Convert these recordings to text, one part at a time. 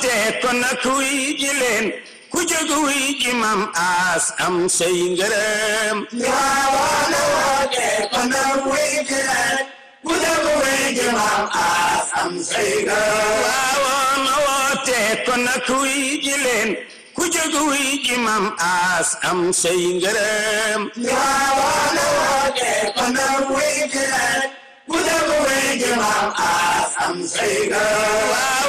wootee kon ak wuy ji leen ku jóg wuy ji aas am say ngërëm Tiwaawan a wootee kon ak wuy ji leen ku jóg wuy ji mam aas am say ngërëm Tiwaawan a wootee kon ak wuy ji leen ku jóg wuy ji aas am say ngërëm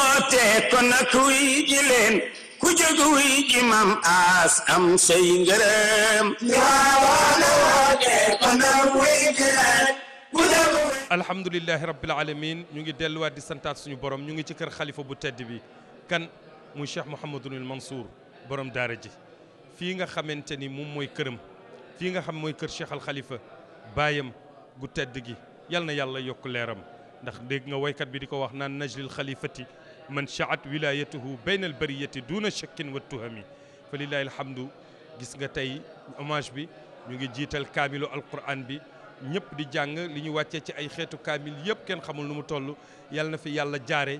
ku jóg say ngërëm waawana woote kon nag wuy alhamdulillahi rabbil alamin ñu ngi delluwaat di santaat suñu borom ñu ngi ci kër xalifa bu tedd bi kan mu muy cheikh mouhamadunil mansour borom daara ji fii nga xamante ni moom mooy këram fii nga xam mooy kër cheikh al xalifa baayam gu tedd gi yal na yàlla yokk leeram ndax dégg nga woykat bi di ko wax naan najlil xalifati man shaat wilayatuhu bayna al bariyati duna shakkin wa tuhami fa lillahi alhamdu gis nga tey hommage bi ñu ngi jiital kaamilu alquran bi ñëpp di jàng li ñu wàccee ci ay xeetu kaamil yëpp kenn xamul nu mu toll yàlla na fi yàlla jaare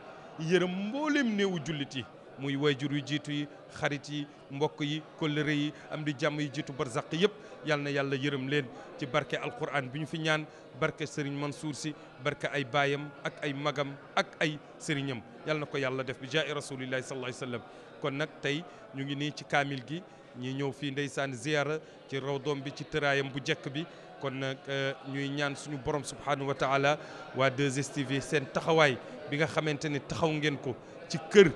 yërëm mbooleem néewu jullit yi muy waajur yu jiitu yi xarit yi mbokk yi kóllëre yi am di jàmm yi jiitu barzaq yëpp yal na yàlla yërëm leen ci barke alquran bi ñu fi ñaan barke Serigne Mansour si barke ay baayam ak ay magam ak ay sëriñam yal na ko yàlla def bi jaay rasulillahi sallallahu alayhi wasallam kon nag tey ñu ngi nii ci kaamil gi ñi ñëw fii ndeysaan ziyaara ci raw doom bi ci tëraayam bu njëkk bi kon nag euh, ñuy ñaan suñu borom subhanahu wa taala waa 2STV seen taxawaay bi nga xamante ne taxaw ngeen ko ci kër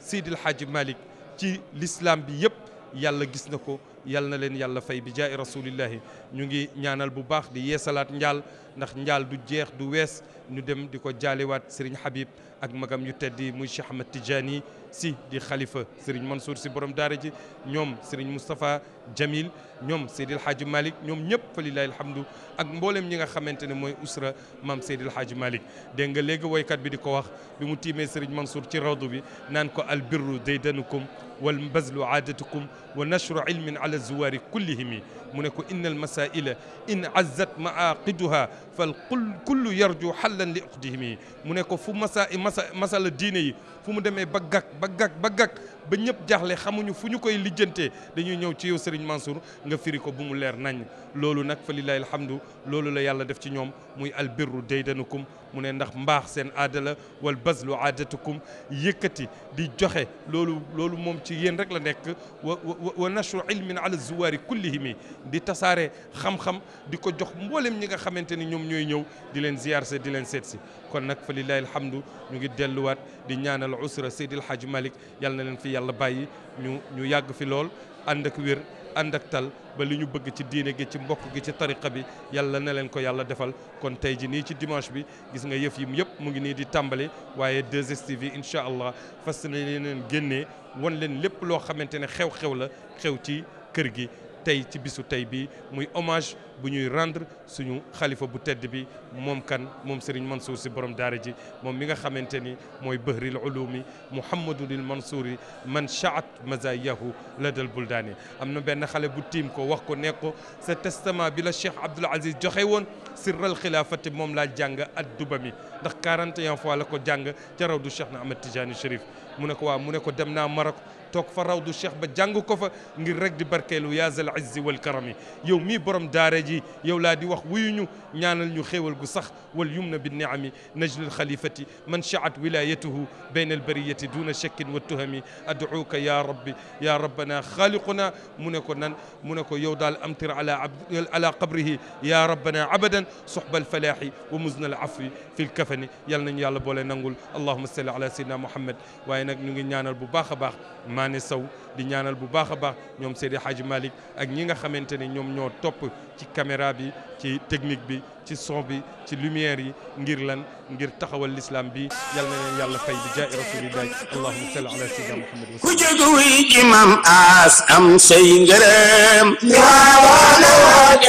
Seydil Hadji malik ci l'islam bi yëpp yàlla gis na ko yàlla na leen yàlla fay bi jaay rasulillahi ñu ngi ñaanal bu baax di yeesalaat njaal ndax njaal du jeex du wees ñu dem di ko jaalewaat Serigne Habib ak magam yu di yi muy Cheikh Ahmed Tidiane si di xalifa Serigne Mansour si borom daara ji ñoom Serigne Moustapha Jamil ñoom Seydil Hadji Malick ñoom ñëpp fa lillahi alhamdu ak mboolem ñi nga xamante ne mooy usra maam Seydil Hadji Malick dégg nga léegi woykat bi di ko wax bi mu tiimee Serigne Mansour ci rawdu bi naan ko albirru daydanukum wal bazlu aadatukum wa nashru ilmin ala zuwaari kullihimi mu ne ko inna almasaila in azzat maaqiduha fal kul kullu yarju xallan li uqdihimi mu ne ko fu masa masa masala diine yi fu mu demee ba gàkk ba gàkk ba gàkk ba ñëpp jaxle xamuñu fu ñu koy lijjantee dañuy ñëw ci yow Serigne Mansour nga firi ko bu mu leer nañ loolu nag fa lillahi alhamdu loolu la yàlla def ci ñoom muy albirru daydanukum mu ne ndax mbaax seen aada la wal baslu aadatukum yëkkati di joxe loolu loolu moom ci yéen rek la nekk wa wa nashru ilmin ala zuwaari kullihimi di tasaare xam-xam di ko jox mboolem ñi nga xamante ni ñoom ñooy ñëw di leen ziyaar di leen seet si kon nag fa lillahi alhamdu ñu ngi delluwaat di ñaanal usra Seydil Hadj malik yàlla na leen fi yàlla bàyyi ñu ñu yàgg fi lool ànd ak wér ànd ak tal ba li ñu bëgg ci diine gi ci mbokk gi ci tariqa bi yàlla na leen ko yàlla defal kon tey ji nii ci dimanche bi gis nga yëf yi yëpp mu ngi nii di tàmbali waaye 2STV incha allah fas na leen génnee won leen lépp loo xamante ne xew-xew la xew ci kër gi tey ci bisu tey bii muy omage bu ñuy rendre suñu xalifa bu tedd bi moom kan moom Serigne Mansour si borom daara ji moom mi nga xamante ni mooy bëhril ulumi Muhammadunil Mansouri man shaat mazayahu ladal buldaani am na benn xale bu tiim ko wax ko ne ko sa testament bi la Cheikh Abdoul Aziz joxe woon sirral xilaafati moom laa jàng at duba mi ndax 41 fois la ko jàng ca raw du Cheikh na Ahmed Tidiane Chérif mu ne ko waaw mu ne ko dem naa Maroc toog fa rawdu cheikh ba jàng ko fa ngir rek di barkeelu yaa zal izzi wal karami yow mii borom daare ji yow laa di wax wuyuñu ñaanal ñu xéewal gu sax wal yumna bi niami najlul xalifati man shaat wilayatuhu bayna albariyati duna shakkin wa tuhami adcuuka ya rabbi ya rabbana xaaliquna mu ne ko nan mu ne ko yow daal amtir ala abd ala qabrihi ya rabbana abadan suxba alfalaaxi wa musna alafwi fi lkafani yàlla nañu yàlla boole nangul allahuma salli ala sayyidina muhammad waaye nag ñu ngi ñaanal bu baax a baax Mané Sow di ñaanal bu baax a baax ñoom Seydi Hadji Malick ak ñi nga xamante ne ñoom ñoo topp ci caméra bi ci technique bi ci son bi ci lumière yi ngir lan ngir taxawal l'islam bi yal na yàlla fay bi jaay rasulillahi allahumma salli ala sayyidina muhammad ku jóguy imam as am say ngërëm yaawaloote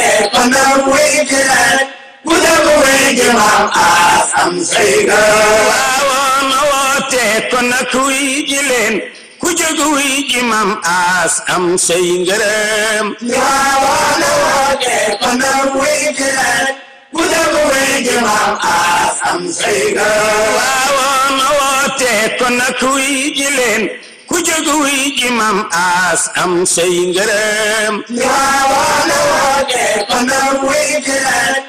leen ku jóg wuy imam as am say ngërëm Tiwaawana woote kondam wuy jiret ku jóg wuy imam as am say ngërëm Tiwaawana woote kondak wuy jileen ku jóg wuy imam as am say ngërëm Tiwaawana woote kondam wuy jiret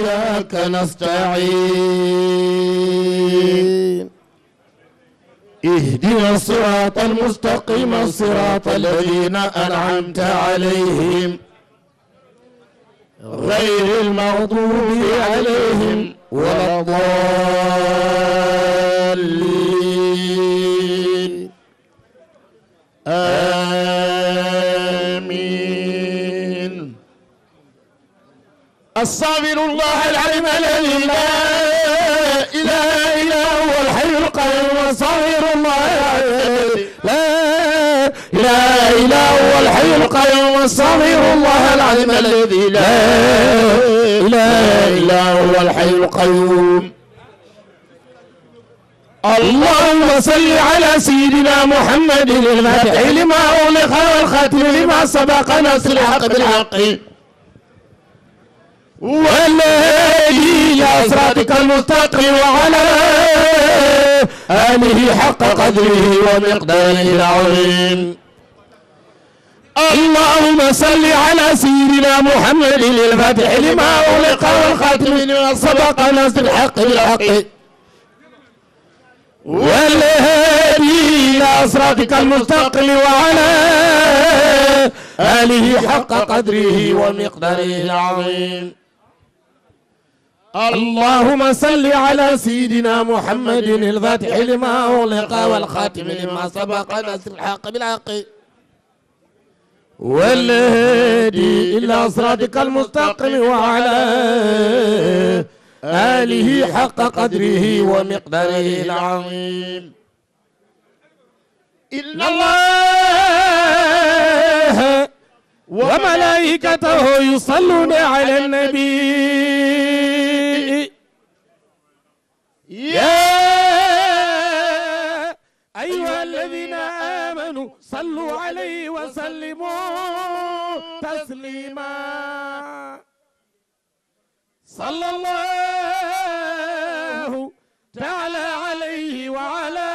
إياك نستعين اهدنا الصراط المستقيم الصراط الذين أنعمت عليهم غير المغضوب عليهم ولا الضالين آمين الصابر الله العليم الذي لا اله الا هو الحي القيوم الصابر الله لا لا اله هو الحي القيوم الصغير الله العظيم الذي لا اله الا هو الحي القيوم اللهم صل على سيدنا محمد الفاتح لما اغلق والخاتم لما سبق نصر الحق بالحق والذي أسرتك المستقيم وعلى آله حق قدره ومقداره العظيم اللهم صل على سيدنا محمد الفاتح لما أغلق والخاتم لما سبق ناس الحق بالحق والهادي إلى صراطك المستقيم وعلى آله حق قدره ومقداره العظيم اللهم صل على سيدنا محمد الفاتح لما أغلق والخاتم لما سبق نسر الحق بالحق والهادي إلى صراطك المستقيم وعلى آله حق قدره ومقداره العظيم إن الله وملائكته يصلون على النبي يا أيها الذين آمنوا صلوا عليه وسلموا تسليما صلى الله تعالى عليه وعلى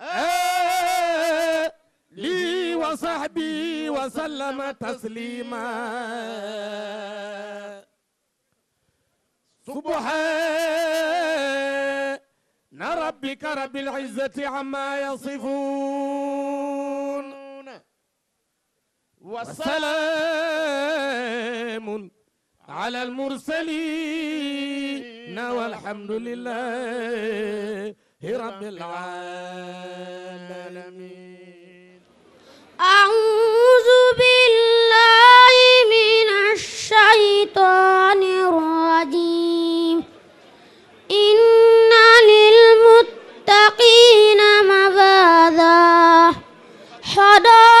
آله وصحبه وسلم تسليما سبحان ربك رب العزة عما يصفون وسلام على المرسلين والحمد لله رب العالمين أعوذ بالله من الشيطان هذا حدا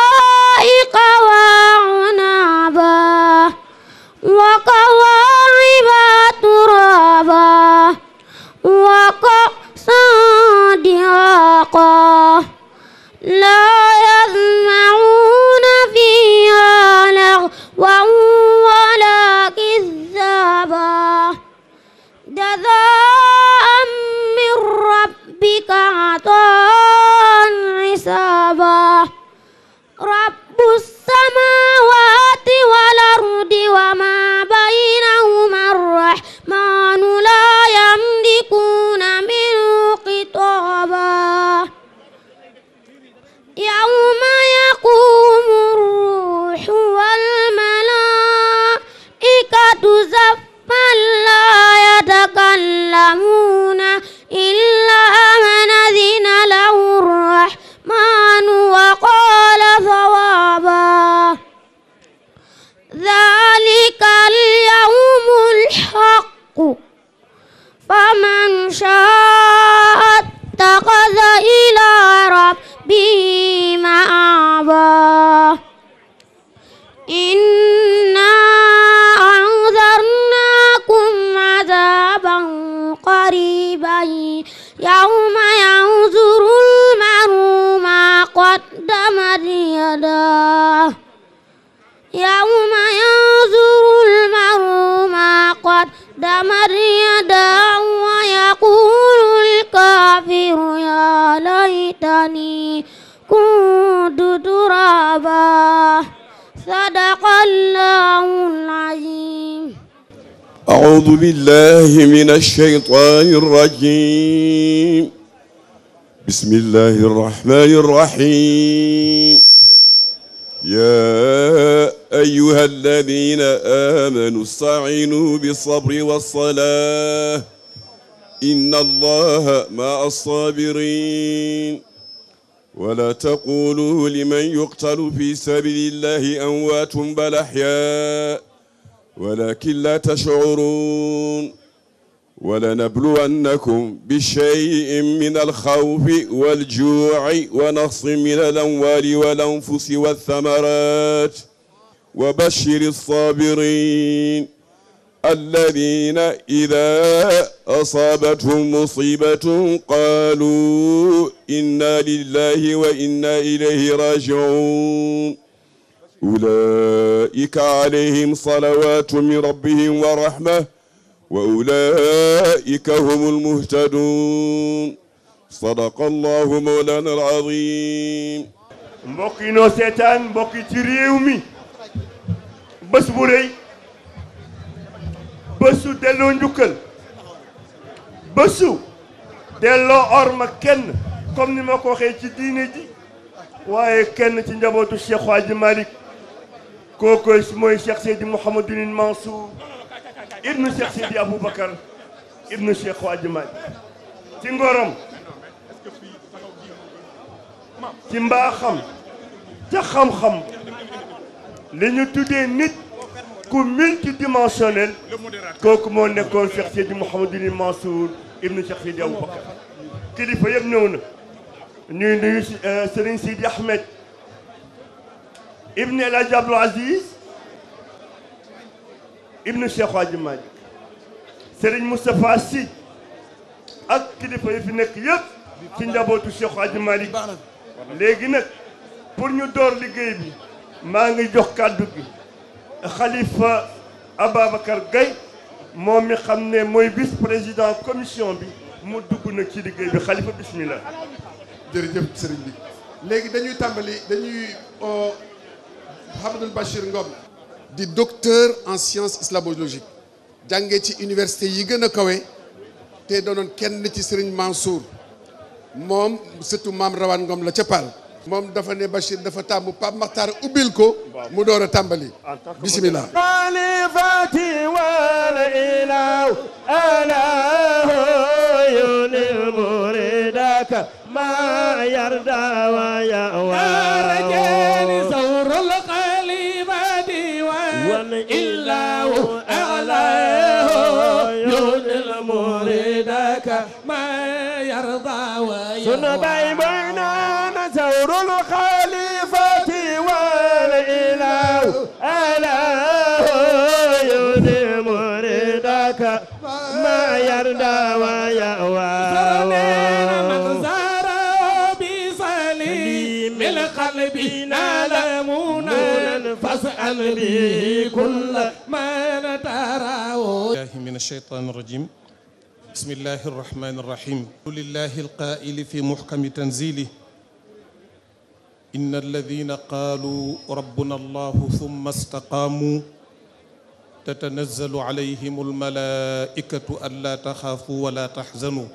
أعوذ بالله من الشيطان الرجيم بسم الله الرحمن الرحيم يا أيها الذين آمنوا استعينوا بالصبر والصلاة إن الله مع الصابرين ولا تقولوا لمن يقتل في سبيل الله أموات بل أحياء ولكن لا تشعرون ولنبلونكم بشيء من الخوف والجوع ونقص من الأموال والأنفس والثمرات وبشر الصابرين الذين إذا أصابتهم مصيبة قالوا إنا لله وإنا إليه راجعون أولئك عليهم صلوات من ربهم ورحمة وأولئك هم المهتدون صدق الله مولانا العظيم mbokki noo seetaan mbokki ci réew mi bés bu rëy bésu delloo njukkal bésu delloo orma kenn comme ni ma ko waxee ci diine ji waaye kenn ci njabootu Cheikh Hadji Malick kookoy mooy Cheikh Seydi Mouhamadul Mansour ibnu Cheikh Seydi Aboubacar ibnu Cheikh Wadji Malick ci ngorom ci mbaaxam ca xam-xam li ñu tuddee nit ku multidimensionnel kooku moo nekkoon Cheikh Seydi Mouhamadul Mansour ibnu Cheikh Seydi Aboubacar kilifa yëpp na ñuy nuyu euh, Serigne Sidi Ahmed ibn El Hadj Abdou Aziz ibn Cheikh Hadji Malick Serigne Moustapha ak kilifa yi fi nekk yëpp ci njabootu Cheikh Hadji Malick léegi nag pour ñu door liggéey bi maa ngi jox kàddu gi xalifa Ababacar Gaye moom mi xam ne mooy vice président commission bi mu dugg nag ci liggéey bi xalifa bismillah jërëjëf sëriñ léegi dañuy tàmbali dañuy euh, Mouhamadoul Bachir Ngom di docteur en sciences islamologiques jàngee ci université yi gën a kawe te doonoon kenn ci Serigne Mansour moom surtout maam Rawane Ngom la ca Paal. moom dafa ne Bachir dafa tàmbu Pape Makhtar ubbil ko mu door a tàmbali bismillah alifati wala ilaw alahu yunil muridaka ma yarda wa ya bay bayna na zawrul xalifati wal ilaw ala yuni muridaka ma yarda wa yawa قلبي نالمون فاسأل به كل ما نتراه من الشيطان الرجيم بسم الله الرحمن الرحيم لله القائل في محكم تنزيله إن الذين قالوا ربنا الله ثم استقاموا تتنزل عليهم الملائكة ألا تخافوا ولا تحزنوا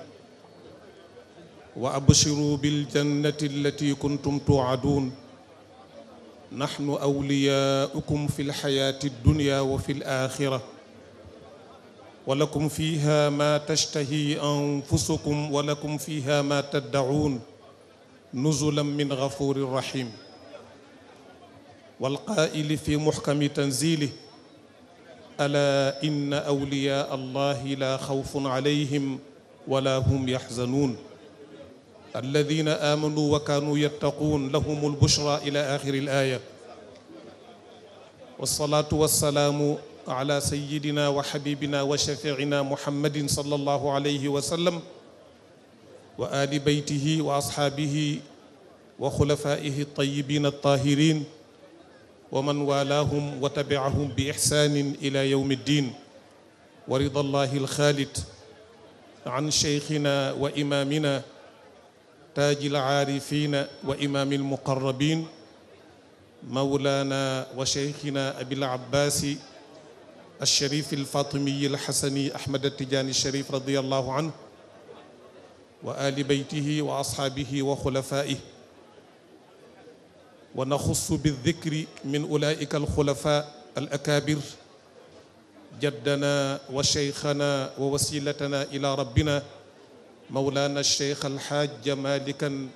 وأبشروا بالجنة التي كنتم توعدون نحن أولياؤكم في الحياة الدنيا وفي الآخرة walakum fiha ma tashtahi anfusukum walakum fiha ma taddacuun nuzulan min gafurin rahim walqaaili fi muxkami tanzilih ala inna awliyaa allahi laa xawfun calayhim wala hum yaxzanuun alladina aamanuu wa kaanuu yattaquun lahum albushra ila axiri alaaya wasalaatu wasalaamu ala sayidina wa xabibina wa shafiina muhammadin sallallahu alayhi wa sallam wa ali beytihi wa asxaabihi wa xulafaihi altayibin altahirin wa man walahum wa tabiahum bi ixsanin ila yowmi ddin wa rida allahi alxaalid an cheikhina wa imamina taaji alaarifina wa imami almuqarrabin mawlana wa cheikhina abil abbaasi الشريف الفاطمي الحسني أحمد التجاني الشريف رضي الله عنه وآل بيته وأصحابه وخلفائه ونخص بالذكر من أولئك الخلفاء الأكابر جدنا وشيخنا ووسيلتنا إلى ربنا مولانا الشيخ الحاج مالكا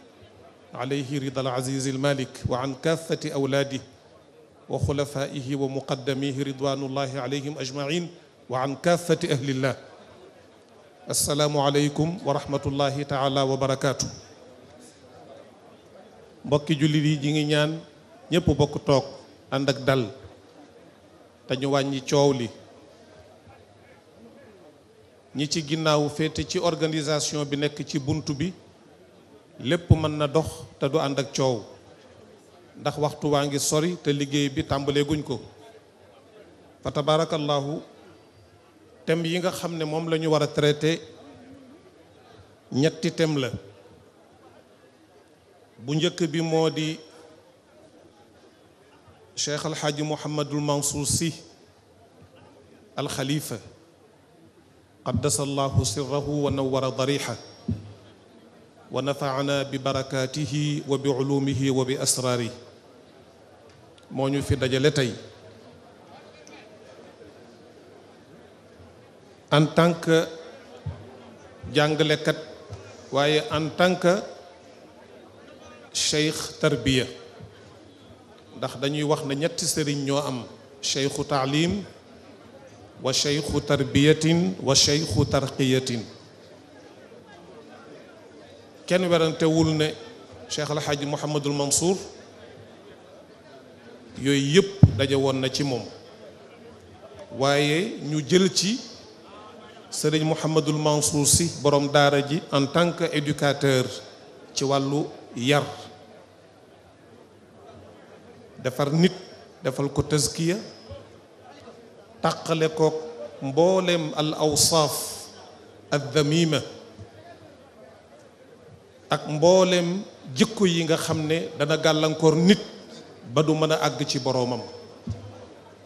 عليه رضا العزيز المالك وعن كافة أولاده wa xulafaihi wa muqaddamihi ridwanullahi alayhim ajmain wa an kaafati ahlillah asalaamu aleykum wa rahmatullahi taala wa barakaatu mbokki jullit yi ji ngi ñaan ñépp bokk toog ànd ak dal te ñu wàññi coow li ñi ci ginnaaw féete ci organisation bi nekk ci bunt bi lépp mën na dox te du ànd ak coow ndax waxtu waa ngi sori te liggéey bi tàmbalee guñ ko fa tabaarakallaahu thème yi nga xam ne moom lañu ñu war a traité ñetti thème la bu njëkk bi moo di cheikh alxaaji mouhamadul mansour si alxalifa qaddasa allahu sirrahu wa nawara dariha wa nafaana bi barakatihi wa bi ulumihi wa bi asraarihi moo ñu fi dajale tey en tant que waaye en tant que cheikh tarbiya ndax dañuy wax ne ñetti sëriñ ñoo am cheikhu taalim wa cheikhu tarbiyatin wa cheikhu tarqiyatin kenn werantewul ne cheikh alxaaji Mouhamadul Mansour yooyu yëpp daje woon na ci moom waaye ñu jël ci sëriñ Mouhamadul Mansour si boroom daara ji en tant que éducateur ci wàllu yar defar nit defal ko tazkiya tàqale ko mbooleem al awsaaf ad damima ak mbooleem jikko yi nga xam ne dana gàllankoor nit ba du mën a àgg ci boroomam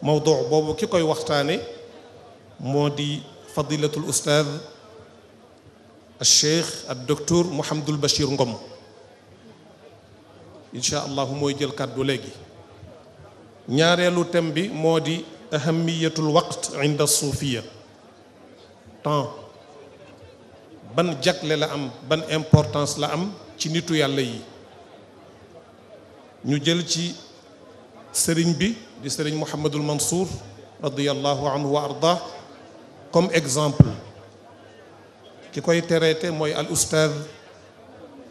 mawdu boobu ki koy waxtaane moo di fadilatul ustaad al cheikh al docteur Mouhamadul Bachir Ngom incha allahu mooy jël kàddu léegi ñaareelu thème bi moo di ahamiyatul waqt inda suufiya temps ban jagle la am ban importance la am ci nitu yàlla yi ñu jël ci sëriñ bi di sëriñ Mouhamadul Mansour radiyallahu anhu wa arda comme exemple ki koy traité mooy al oustaz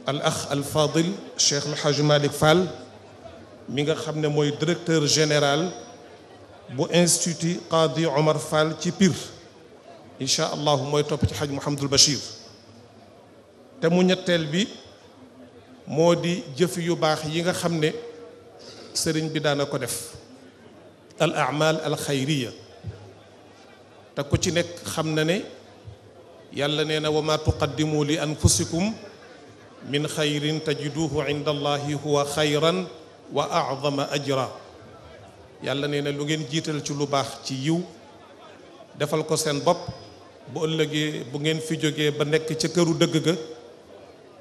al akh al fadil Cheikh El Hadj Malick Fall mi nga xam ne mooy directeur général bu institut Qadi Omar Fall ci Pire incha allah mooy topp ci xaj Mouhamadul Bachir te mu ñetteel bi moo di jëf yu baax yi nga xam ne. sëriñ bi daana ko def al amal al te ku ci nekk xam na ne yàlla nee na wa ma tuqaddimu li anfusikum min xayrin tajiduhu inda xayran wa acdama ajra yàlla nee na lu ngeen jiital ci lu baax ci yiw defal ko seen bopp bu ëllëgee bu ngeen fi jógee ba nekk ca këru dëgg ga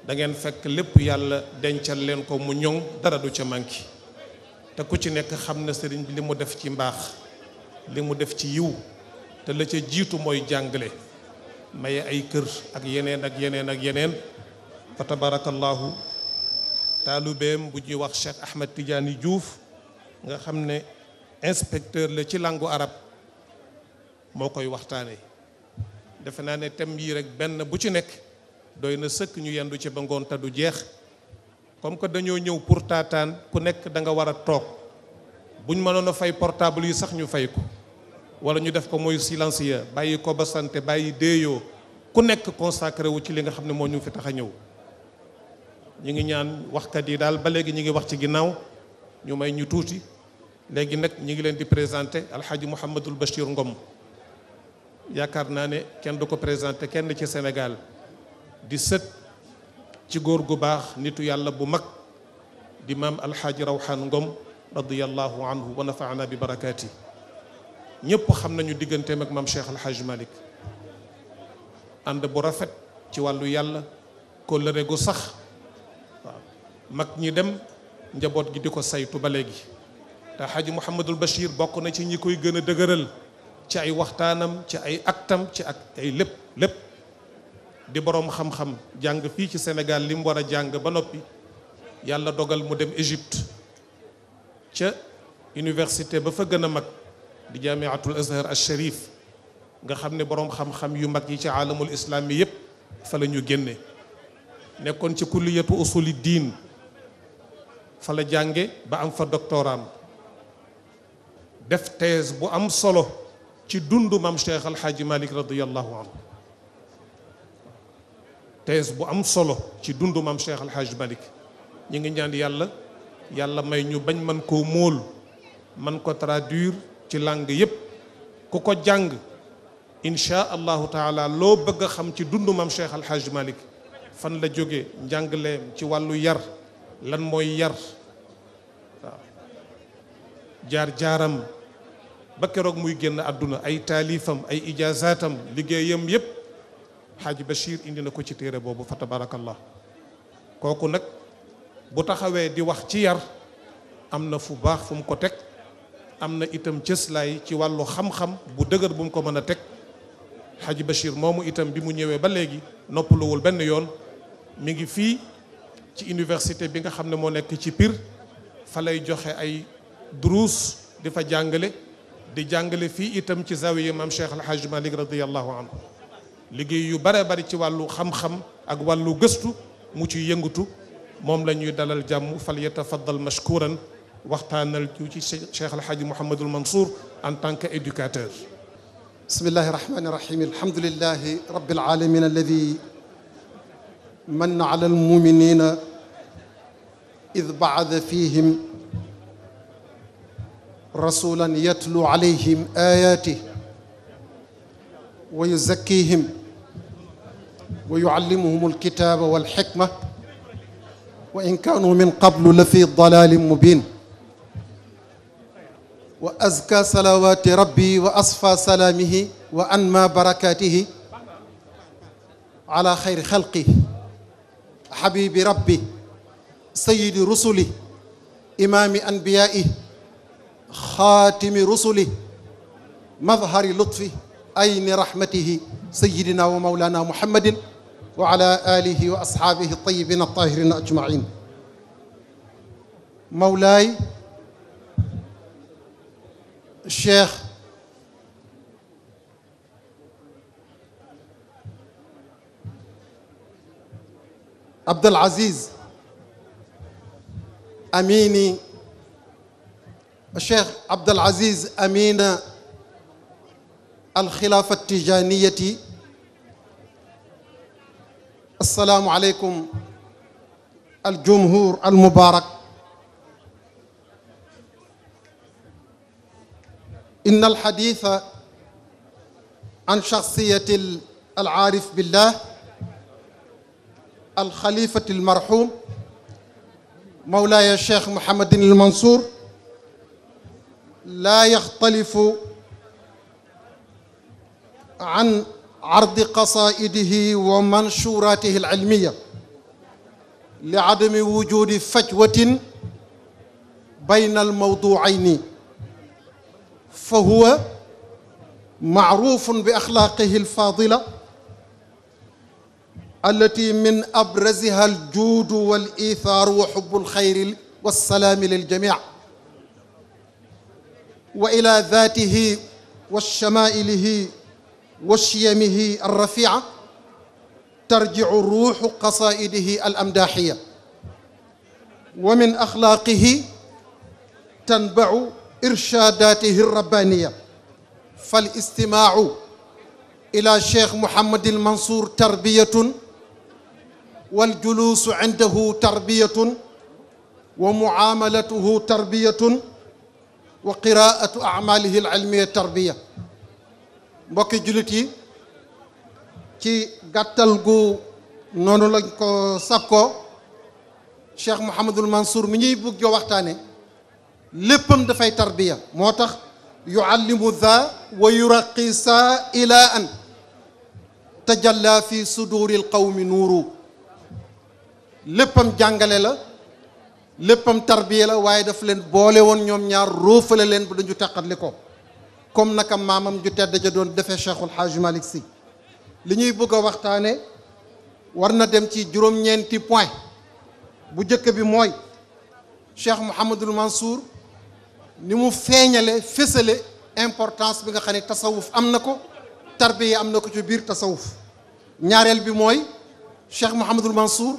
da ngeen fekk lépp yàlla dencal leen ko mu ñoŋ dara du ca manki te ku ci nekk xam na sëriñ bi li mu def ci mbaax li mu def ci yiw te la ca jiitu mooy jàngale maye ay kër ak yeneen ak yeneen ak yeneen fa tabarakallahu taalubeem bu ñuy wax Cheikh Ahmed Tidiane juuf nga xam ne inspecteur la ci langue arab moo koy waxtaane defe naa ne thème yii rek benn bu ci nekk doy na sëkk ñu yendu ci ba ngoon te du jeex comme que dañoo ñëw pour taataan ku nekk da nga war a toog buñ mënoon a fay portable yi sax ñu fay ko wala ñu def ko mooy silencieux bàyyi ko ba santé bàyyi déeyoo ku nekk consacré wu ci li nga xam ne moo ñu fi tax a ñëw ñu ngi ñaan waxkat yi daal ba léegi ñu ngi wax ci ginnaaw ñu may ñu tuuti léegi nag ñu ngi leen di présenté alxaaji Mouhamadul Bachir Ngom yaakaar naa ne kenn du ko présenté kenn ci Sénégal di sët ci góor gu baax nitu yàlla bu mag di maam alxaaji rawxaan ngom radiallahu anhu wa nafaana bi barakaati ñépp xam nañu digganteem ak maam cheikh alxaaji malik ànd bu rafet ci wàllu yàlla kóllëre gu sax waaw mag ñi dem njaboot gi di ko saytu ba léegi te xaaji mouhamadul bachir bokk na ci ñi koy gën a dëgëral ci ay waxtaanam ci ay aktam ci ak ay lépp lépp di boroom xam-xam jàng fii ci Sénégal li mu war a jàng ba noppi yàlla dogal mu dem Égypte ca université ba fa gën a mag di atul azhar al sharif nga xam ne boroom xam-xam yu mag yi ci aalamul islaami yépp fa la ñu génne nekkoon ci kulliyatu usuli diin fa la jànge ba am fa doctoraam def thèse bu am solo ci dundu maam Cheikh Alxaaji Malik radiallahu anhu thèse bu am solo ci dundu maam Cheikh Al Hadj ñu ngi ñaan yàlla yàlla may ñu bañ man koo móol man ko traduire ci langue yépp ku ko jàng inchaa allahu taala loo bëgg xam ci dundu maam Cheikh Al Hadj fan la jóge njàngaleem ci wàllu yar lan mooy yar waaw jaar-jaaram ba keroog muy génn àdduna ay taalifam ay ijazaatam liggéeyam yépp xaaji Bachir indi na ko ci téere boobu fa tabarakallah kooku nag bu taxawee di wax ci yar am na fu baax fu ko teg am na itam cëslaay ci wàllu xam-xam bu dëgër bu ko mën a teg xaaji Bachir moomu itam bi mu ñëwee ba léegi noppaluwul benn yoon mi ngi fii ci université bi nga xam ne moo nekk ci piir fa lay joxe ay duruus di fa jàngale di jàngale fii itam ci zawiya maam Cheikh Al Hadj Malick radiyallahu anhu liggéey yu bare bari ci wàllu xam-xam ak wàllu gëstu mu ci yëngatu moom la ñuy dalal jàmm fal yatafaddal mashkuran waxtaanal ci cheikh alhaaji mouhamadul mansour en tant que éducateur bismillahi irrahmani irrahim alhamdulilahi rabbil alamin alladi manna ala almuminina id baada fihim rasulan yatlu alayhim ayatih wa yuzakkihim wa yuallimuhum alkitaaba walxikma wa in kaanuu min qablu la fi dalaalin mubiin wa azka salawaati rabbi wa asfa salaamihi wa anma barakaatihi ala xayri xalqi xabibi rabbi sayidi rusuli imaami anbiyaai xaatimi rusuli mazhari lutfi ayni rahmatihi sayidina wa maulana muhammadin wa ala alihi wa ashaabihi tayibina tahirina ajmain mawlaay cheikh abdul aziz amini cheikh abdul aziz amina alxilaafa tijaaniyati assalaamu aleykum aljumhur almubaarak inna alxadiisa an shaxsiyati alaarif billah alxalifati almarxum mawlaaya cheikh Mouhamadin al Mansour laa yaxtalifu عن عرض قصائده ومنشوراته العلمية لعدم وجود فجوة بين الموضوعين فهو معروف بأخلاقه الفاضلة التي من أبرزها الجود والإيثار وحب الخير والسلام للجميع وإلى ذاته وشمائله وشيمه الرفيعة ترجع روح قصائده الأمداحية ومن أخلاقه تنبع إرشاداته الربانية فالاستماع إلى شيخ محمد المنصور تربية والجلوس عنده تربية ومعاملته تربية وقراءة أعماله العلمية تربية mbokki jullit yi ci gàttal gu noonu lañ ko sàkkoo Cheikh Mouhamadul Mansour mi ñuy bugg yoo waxtaane léppam dafay tarbiya moo tax yuallimu za wa yuraqi sa ila an tajalla fi suduri l qawmi nuru léppam jàngale la léppam tarbiya la waaye daf leen boole woon ñoom ñaar róofale leen bu dañu taqatli ko comme naka maamam ju tedd daja doon defee Cheikhul Hadj Malick Sy li ñuy bëgg a waxtaane war na dem ci juróom-ñeenti point bu njëkk bi mooy Cheikh Mouhamadul Mansour ni mu feeñale fésale importance bi nga xam ne tasawuf am na ko tarbiya am na ko ci biir tasawuf ñaareel bi mooy Cheikh Mouhamadul Mansour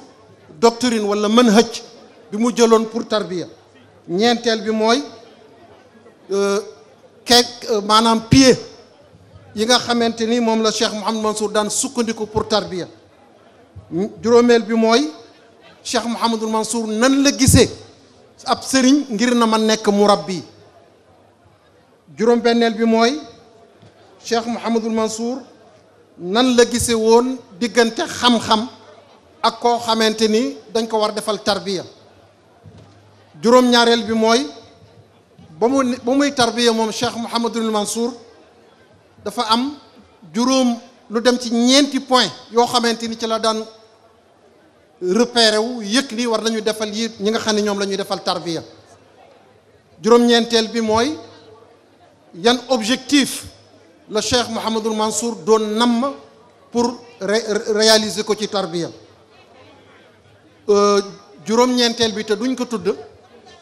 doctrine wala manhaj bi mu jëloon pour tarbiya ñeenteel bi mooy euh, quelque euh, maanaam pied yi nga xamante ni moom la Cheikh Mouhamed Mansour daan sukkandiku pour tarbiya hmm, juróomeel bi mooy Cheikh Mouhamadul Mansour nan la gisee ab sëriñ ngir na ma nekk murabbi juróom-benneel bi mooy Cheikh Mouhamadul Mansour nan la gisee woon diggante xam-xam ak koo xamante ni dañ ko war defal tarbiya juróom-ñaareel bi mooy. ba mu ba muy tarbiya moom Cheikh Mouhamadul Mansour dafa am juróom lu dem ci ñeenti point yoo xamante ni ci la daan repéré wu yëg ni war nañu defal yi ñi nga xam ne ñoom la ñuy defal tarbiya juróom-ñeenteel bi mooy yan objectif la Cheikh Mouhamadul Mansour doon namm pour réaliser ko ci tarbiya euh, juróom-ñeenteel bi te duñ ko tudd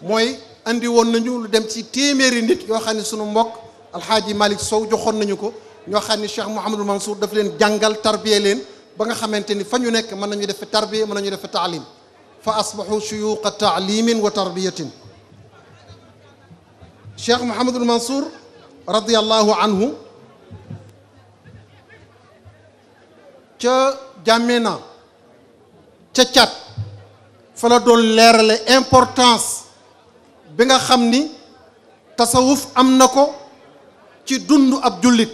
mooy andi woon nañu lu dem ci téeméeri nit yoo xam ne sunu mbokk alxaaji Malick Sow joxoon nañu ko ñoo xam ne Cheikh Mouhamadul Mansour daf leen jàngal tarbiye leen ba nga xamante ni fa ñu nekk mën nañu def tarbiye mën nañu def taalim fa asbahu shuyuqa taalimin wa tarbiyatin Cheikh Mouhamadul Mansour radiallahu anhu ca Djamena ca Tchad fa la doon leerale importance bi nga xam ni tasawuf am na ko ci dund ab jullit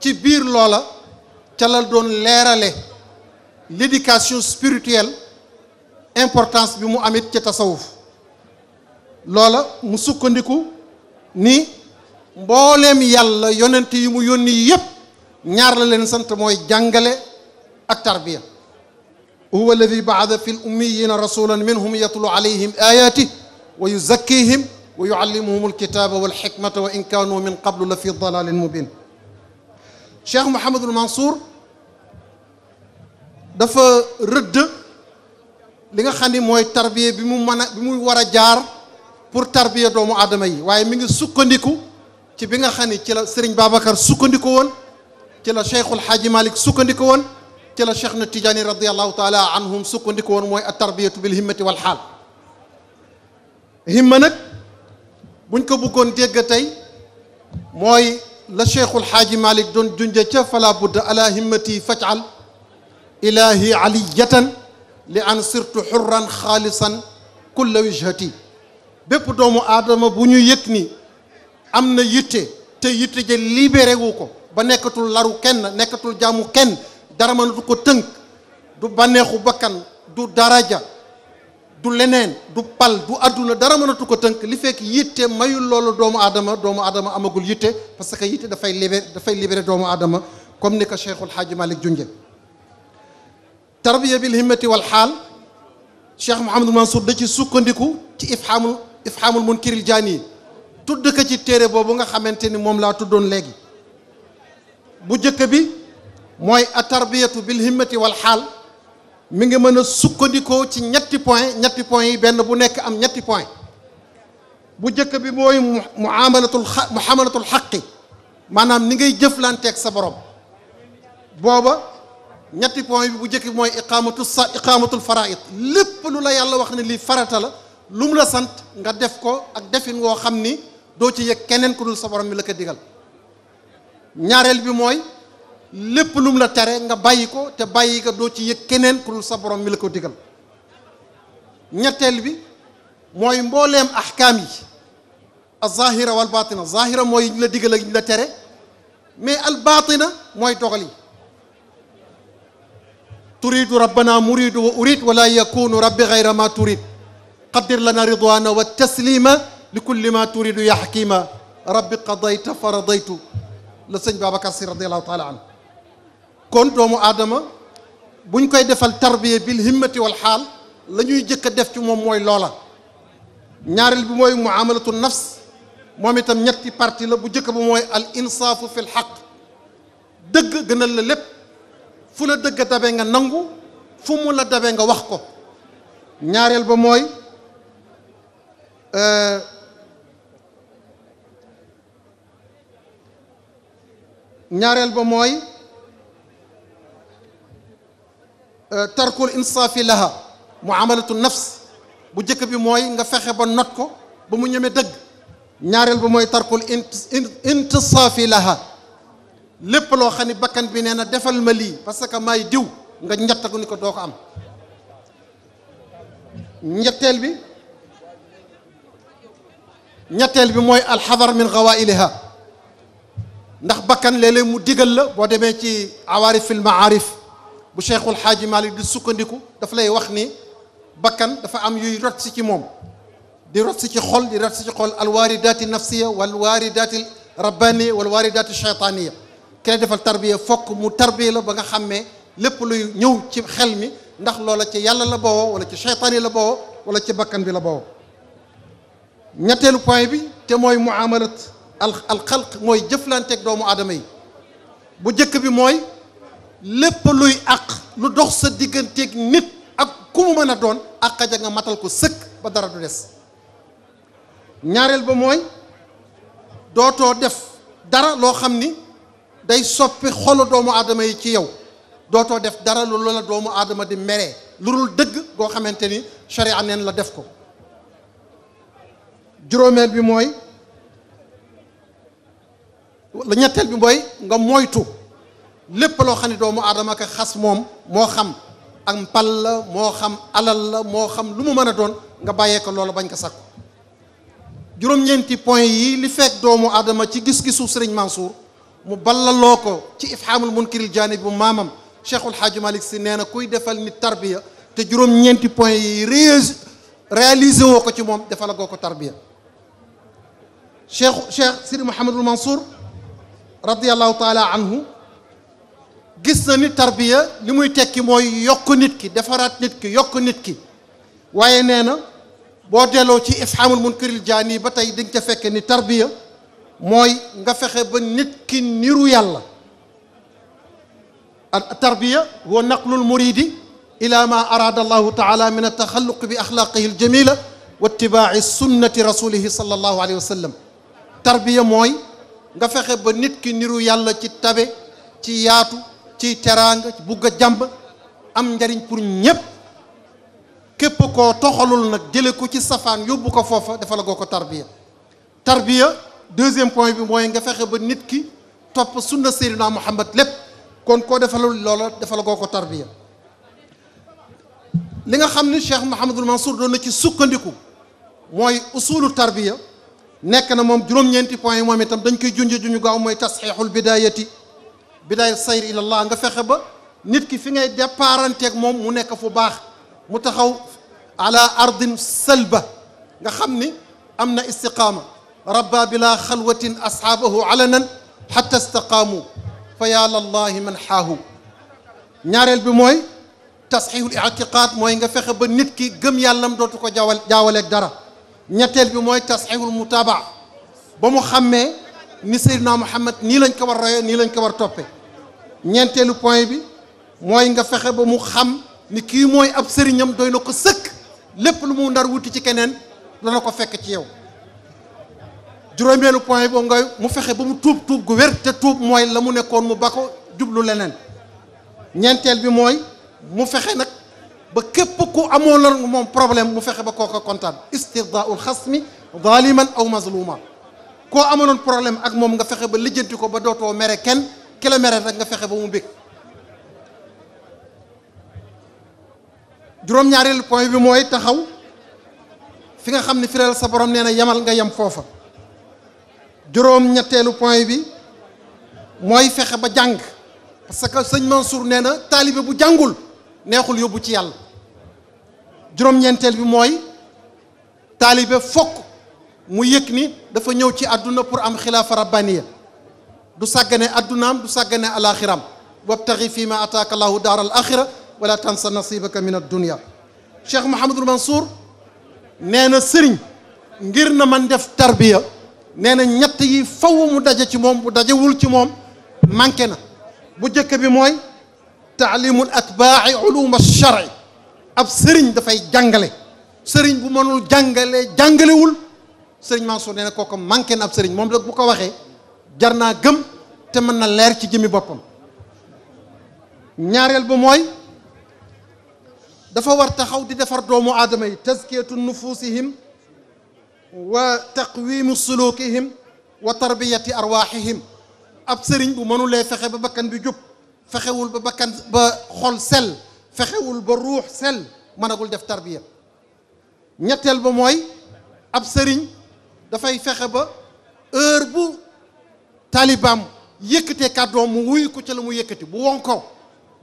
ci biir loola ca la doon leerale l'éducation spirituelle importance bi mu amit ci tasawuf loola mu sukkandiku ni mbooleem yàlla yonent yi mu yónni yépp ñaar la leen sant mooy jàngale ak tarbiya huwa alladi baada fi l ummiyina rasulan minhum yatlu alayhim ayatih wa yuzakkihim wa yuallimuhum alkitaba walxikmata wa in kaanu min qablu la fi dalalin mubin cheikh Mouhamadul Mansour dafa rëdd li nga xam ni mooy tarbiya bi mu mën a bi war a jaar pour tarbiya doomu aadama yi waaye mi ngi sukkandiku ci bi nga xam ni ci la Serigne Babacar sukkandiku woon ci la Cheikhul Xaaji Malik sukkandiku woon ci la Cheikh na Tijaani radiallahu taala anhum sukkandiku woon mooy at tarbiyatu bil himmati wal xaal himma nag buñ ko bëggoon dégg tey mooy la cheikhul xaaji malik doon junja ca fala budda ala himmati fajal ilahi aliyatan li an sirtu xurran xaalisan kulla wijhati bépp doomu aadama bu ñu yëg ni am na yitte te yitte ja libéré ko ba nekkatul laru kenn nekkatul jaamu kenn dara mënatu ko tënk du bànneexu bakkan du daraja du leneen du pal du àdduna dara mënatu ko tënk li fekk yitte mayul loolu doomu adama doomu aadama amagul yitte parce que yitte dafay libéré dafay libéré doomu aadama comme ni ko Cheikhul Haaji Malick junje tarbiya bil himmati wal xaal Cheikh Mouhamadou Mansour da ci sukkandiku ci ifhaamul ifhaamul munkiril jaani yi tudd ko ci téere boobu nga xamante ni moom laa tuddoon léegi bu jëkk bi mooy a tarbiyatu bil himmati wal xaal mi ngi mën a sukkandikoo ci ñetti point ñetti point yi benn bu nekk am ñetti point bu njëkk bi mooy muamalatul muamalatul xaqi maanaam ni ngay jëf jëflanteeg sa borom booba ñetti point bi bu njëkk bi mooy iqaamatu sa iqaamatul faraid lépp lu la yàlla wax ne lii farata la lu mu la sant nga def ko ak defin woo xam ni doo ci yëg keneen ku dul sa borom mi la ko digal ñaareel bi mooy lépp lu la tere nga bàyyi ko te bàyyi ko doo ci yëg keneen ku dul sa borom mi la ko digal bi mooy mboolem ahkaam yi az-zahira wal batina zahira mooy la digal ak la tere mais al batina mooy dogal yi turidu rabbana muridu wa urid wala yakunu rabbi gayra ma turid qaddir lana ridwana wa taslima li ma turidu ya xakima rabbi qadayta faradaytu la sëñ Babacar Si radiallahu taala anhu kon doomu aadama buñ koy defal tarbiya bi himmati wal xaal la ñuy jëkk a def ci moom mooy loola ñaareel bi mooy muamalatu nafs moom itam ñetti parti la bu jëkk ba mooy al insaafu fi l xaq dëgg gënal la lépp fu la dëgg dabe nga nangu fu mu la dabe nga wax ko ñaareel ba mooy euh, ñaareel ba mooy Euh, tarkul insaafi laha muamalatu nafs bu jëkk bi mooy nga fexe ba not ko ba mu ñeme dëgg ñaareel bi mooy tarkul intisaafi laha lépp loo xam ne bakkan bi nee na defal ma lii parce que maay diw nga ñettagu ni ko doo ko am ñetteel bi ñetteel bi mooy alxadar min gawailiha ndax bakkan léeg mu diggal la boo demee ci awaarif fil maarif bu Cheikhul Xaaji Maalik di sukkandiku dafa lay wax ni bakkan dafa am yuy rot si ci moom di rot ci xol di rot si ci xol alwaaridaati nafsiya walwaaridaati rabbaniya walwaaridaati cheytaaniya kenn defal tarbiya fokk mu tarbiya la ba nga xàmmee lépp luy ñëw ci xel mi ndax loola ci yàlla la bawoo wala ci cheytaan yi la bawoo wala ci bakkan bi la bawoo ñetteelu point bi te mooy muamalat al alxalq mooy jëflanteeg doomu aadama yi bu jëkk bi mooy lépp luy àq lu dox sa digganteeg nit ak ku mu mën a doon àq ja nga matal ko sëkk ba dara du des ñaareel ba mooy dootoo def dara loo xam ni day soppi xolu doomu aadama yi ci yow dootoo def dara lu la doomu aadama di meree lu dul dëgg goo xamante ni sharia neen la def ko juróomeel bi mooy la ñetteel bi mooy nga moytu lépp loo xam ne doomu adama ka xas moom moo xam ak mpal la moo xam alal la moo xam lu mu mën a doon nga bàyyee ko loolu bañ ko sakku juróom-ñeenti point yi li fekk doomu aadama ci gis-gisu sëriñ Mansour mu ballaloo ko ci ifhaamul munkiril jaanib bu maamam Cheikhul Hadji Malick si nee na kuy defal nit tarbiya te juróom-ñeenti point yi réalisé woo ko ci moom defal goo ko tarbiya Cheikh Cheikh Sidi Mouhamadul Mansour radiyallahu anhu gis na ni tarbiya li muy tekki mooy yokk nit ki defaraat nit ki yokk nit ki waaye nee na boo delloo ci ifhamul munkaril jaani ba tey dañ ca fekk ni tarbiya mooy nga fexe ba nit ki niru yàlla tarbiya huwa naqlul muridi ila ma araada allahu taala min altaxalluq bi axlaaqihi aljamila wa ittibaai sunnati rasulihi sallallahu alayhi wa sallam tarbiya mooy nga fexe ba nit ki niru yàlla ci tabe ci yaatu ci teraanga bugg a jàmb am njariñ pour ñépp képp ko toxalul nag jële ko ci safaan yóbbu ko foofa dafa la ko tarbiya tarbiya deuxième point bi mooy nga fexe ba nit ki topp sunna seydina muhammad lépp kon koo defalul loola dafa la ko tarbiya li nga xam ni cheikh mahamadul mansour doon na ci sukkandiku mooy usulu tarbiya nekk na moom juróom-ñeenti point yi moom itam dañ koy junj juñu gaaw mooy tasxiixul bidayati bidaayat sayr ilallah nga fexe ba nit ki fi ngay départanteeg moom mu nekk fu baax mu taxaw ala ardin salba nga xam ni am na istiqaama rabba bila xalwatin asxaabahu alanan xatta istaqaamu fa yaa lallahi man xaahu ñaareel bi mooy tasxiihul ictiqaad mooy nga fexe ba nit ki gëm yàllam dootu ko jaawal jaawaleeg dara ñetteel bi mooy tasxiihul mutaabaa ba mu xàmmee ni naa Muhammad nii lañ ko war royee nii lañ ko war toppe ñeenteelu point bi mooy nga fexe ba mu xam ni kii mooy ab sëriñam doy na ko sëkk lépp lu mu ndar wuti ci keneen dana ko fekk ci yow juróomeelu point boobu nga mu fexe ba mu tuub tuub gu wér te tuub mooy la mu nekkoon mu ba ko jublu leneen ñeenteel bi mooy mu fexe nag ba képp ku amoon la moom problème mu fexe ba kooka kontaan istirdaul xasmi zaliman aw mazluma koo amaloon problème ak moom nga fexe ba lijjanti ko ba dootoo mere kenn ki la mere rek nga fexe ba mu bég juróom-ñaareelu point bi mooy taxaw fi nga xam ne fireel sa borom nee na yamal nga yem foofa juróom-ñetteelu point bi mooy fexe ba jàng parce que sëñ Mansour nee na taalibe bu jàngul neexul yóbbu ci yàlla juróom-ñeenteel bi mooy taalibe fokk mu yëg ni dafa ñëw ci àdduna pour am xilaafa rabbaniya du sàggane àddunaam du sàggane alaxiram wabtaxi fi ma ataaka llahu daar al axira wala tansa nasibaka min addunia cheikh Mouhamadul Mansour nee na sëriñ ngir na man def tarbiya nee na ñett yi faw mu daje ci moom bu dajewul ci moom manqué na bu njëkk bi mooy taalimul atbaai ulum ab sëriñ dafay jàngale sëriñ bu mënul jàngale jàngalewul sëriñ Mansour nee na kooku manqué na ab sëriñ moom la bu ko waxee jar naa gëm te mën na leer ci jëmmi boppam ñaareel ba mooy dafa war taxaw di defar doomu aadama yi tazkiyatu nufusihim wa taqwimu sulukihim wa tarbiyati arwaxihim ab sëriñ bu mënulee fexe ba bakkan bi jub fexewul ba bakkan ba xol sel fexewul ba ruux sel mënagul def tarbiya ñetteel ba mooy ab sëriñ dafay fexe ba heure bu talibaam yëkkatee kàddoom mu wuyu ko ca la mu yëkkati bu wonkoo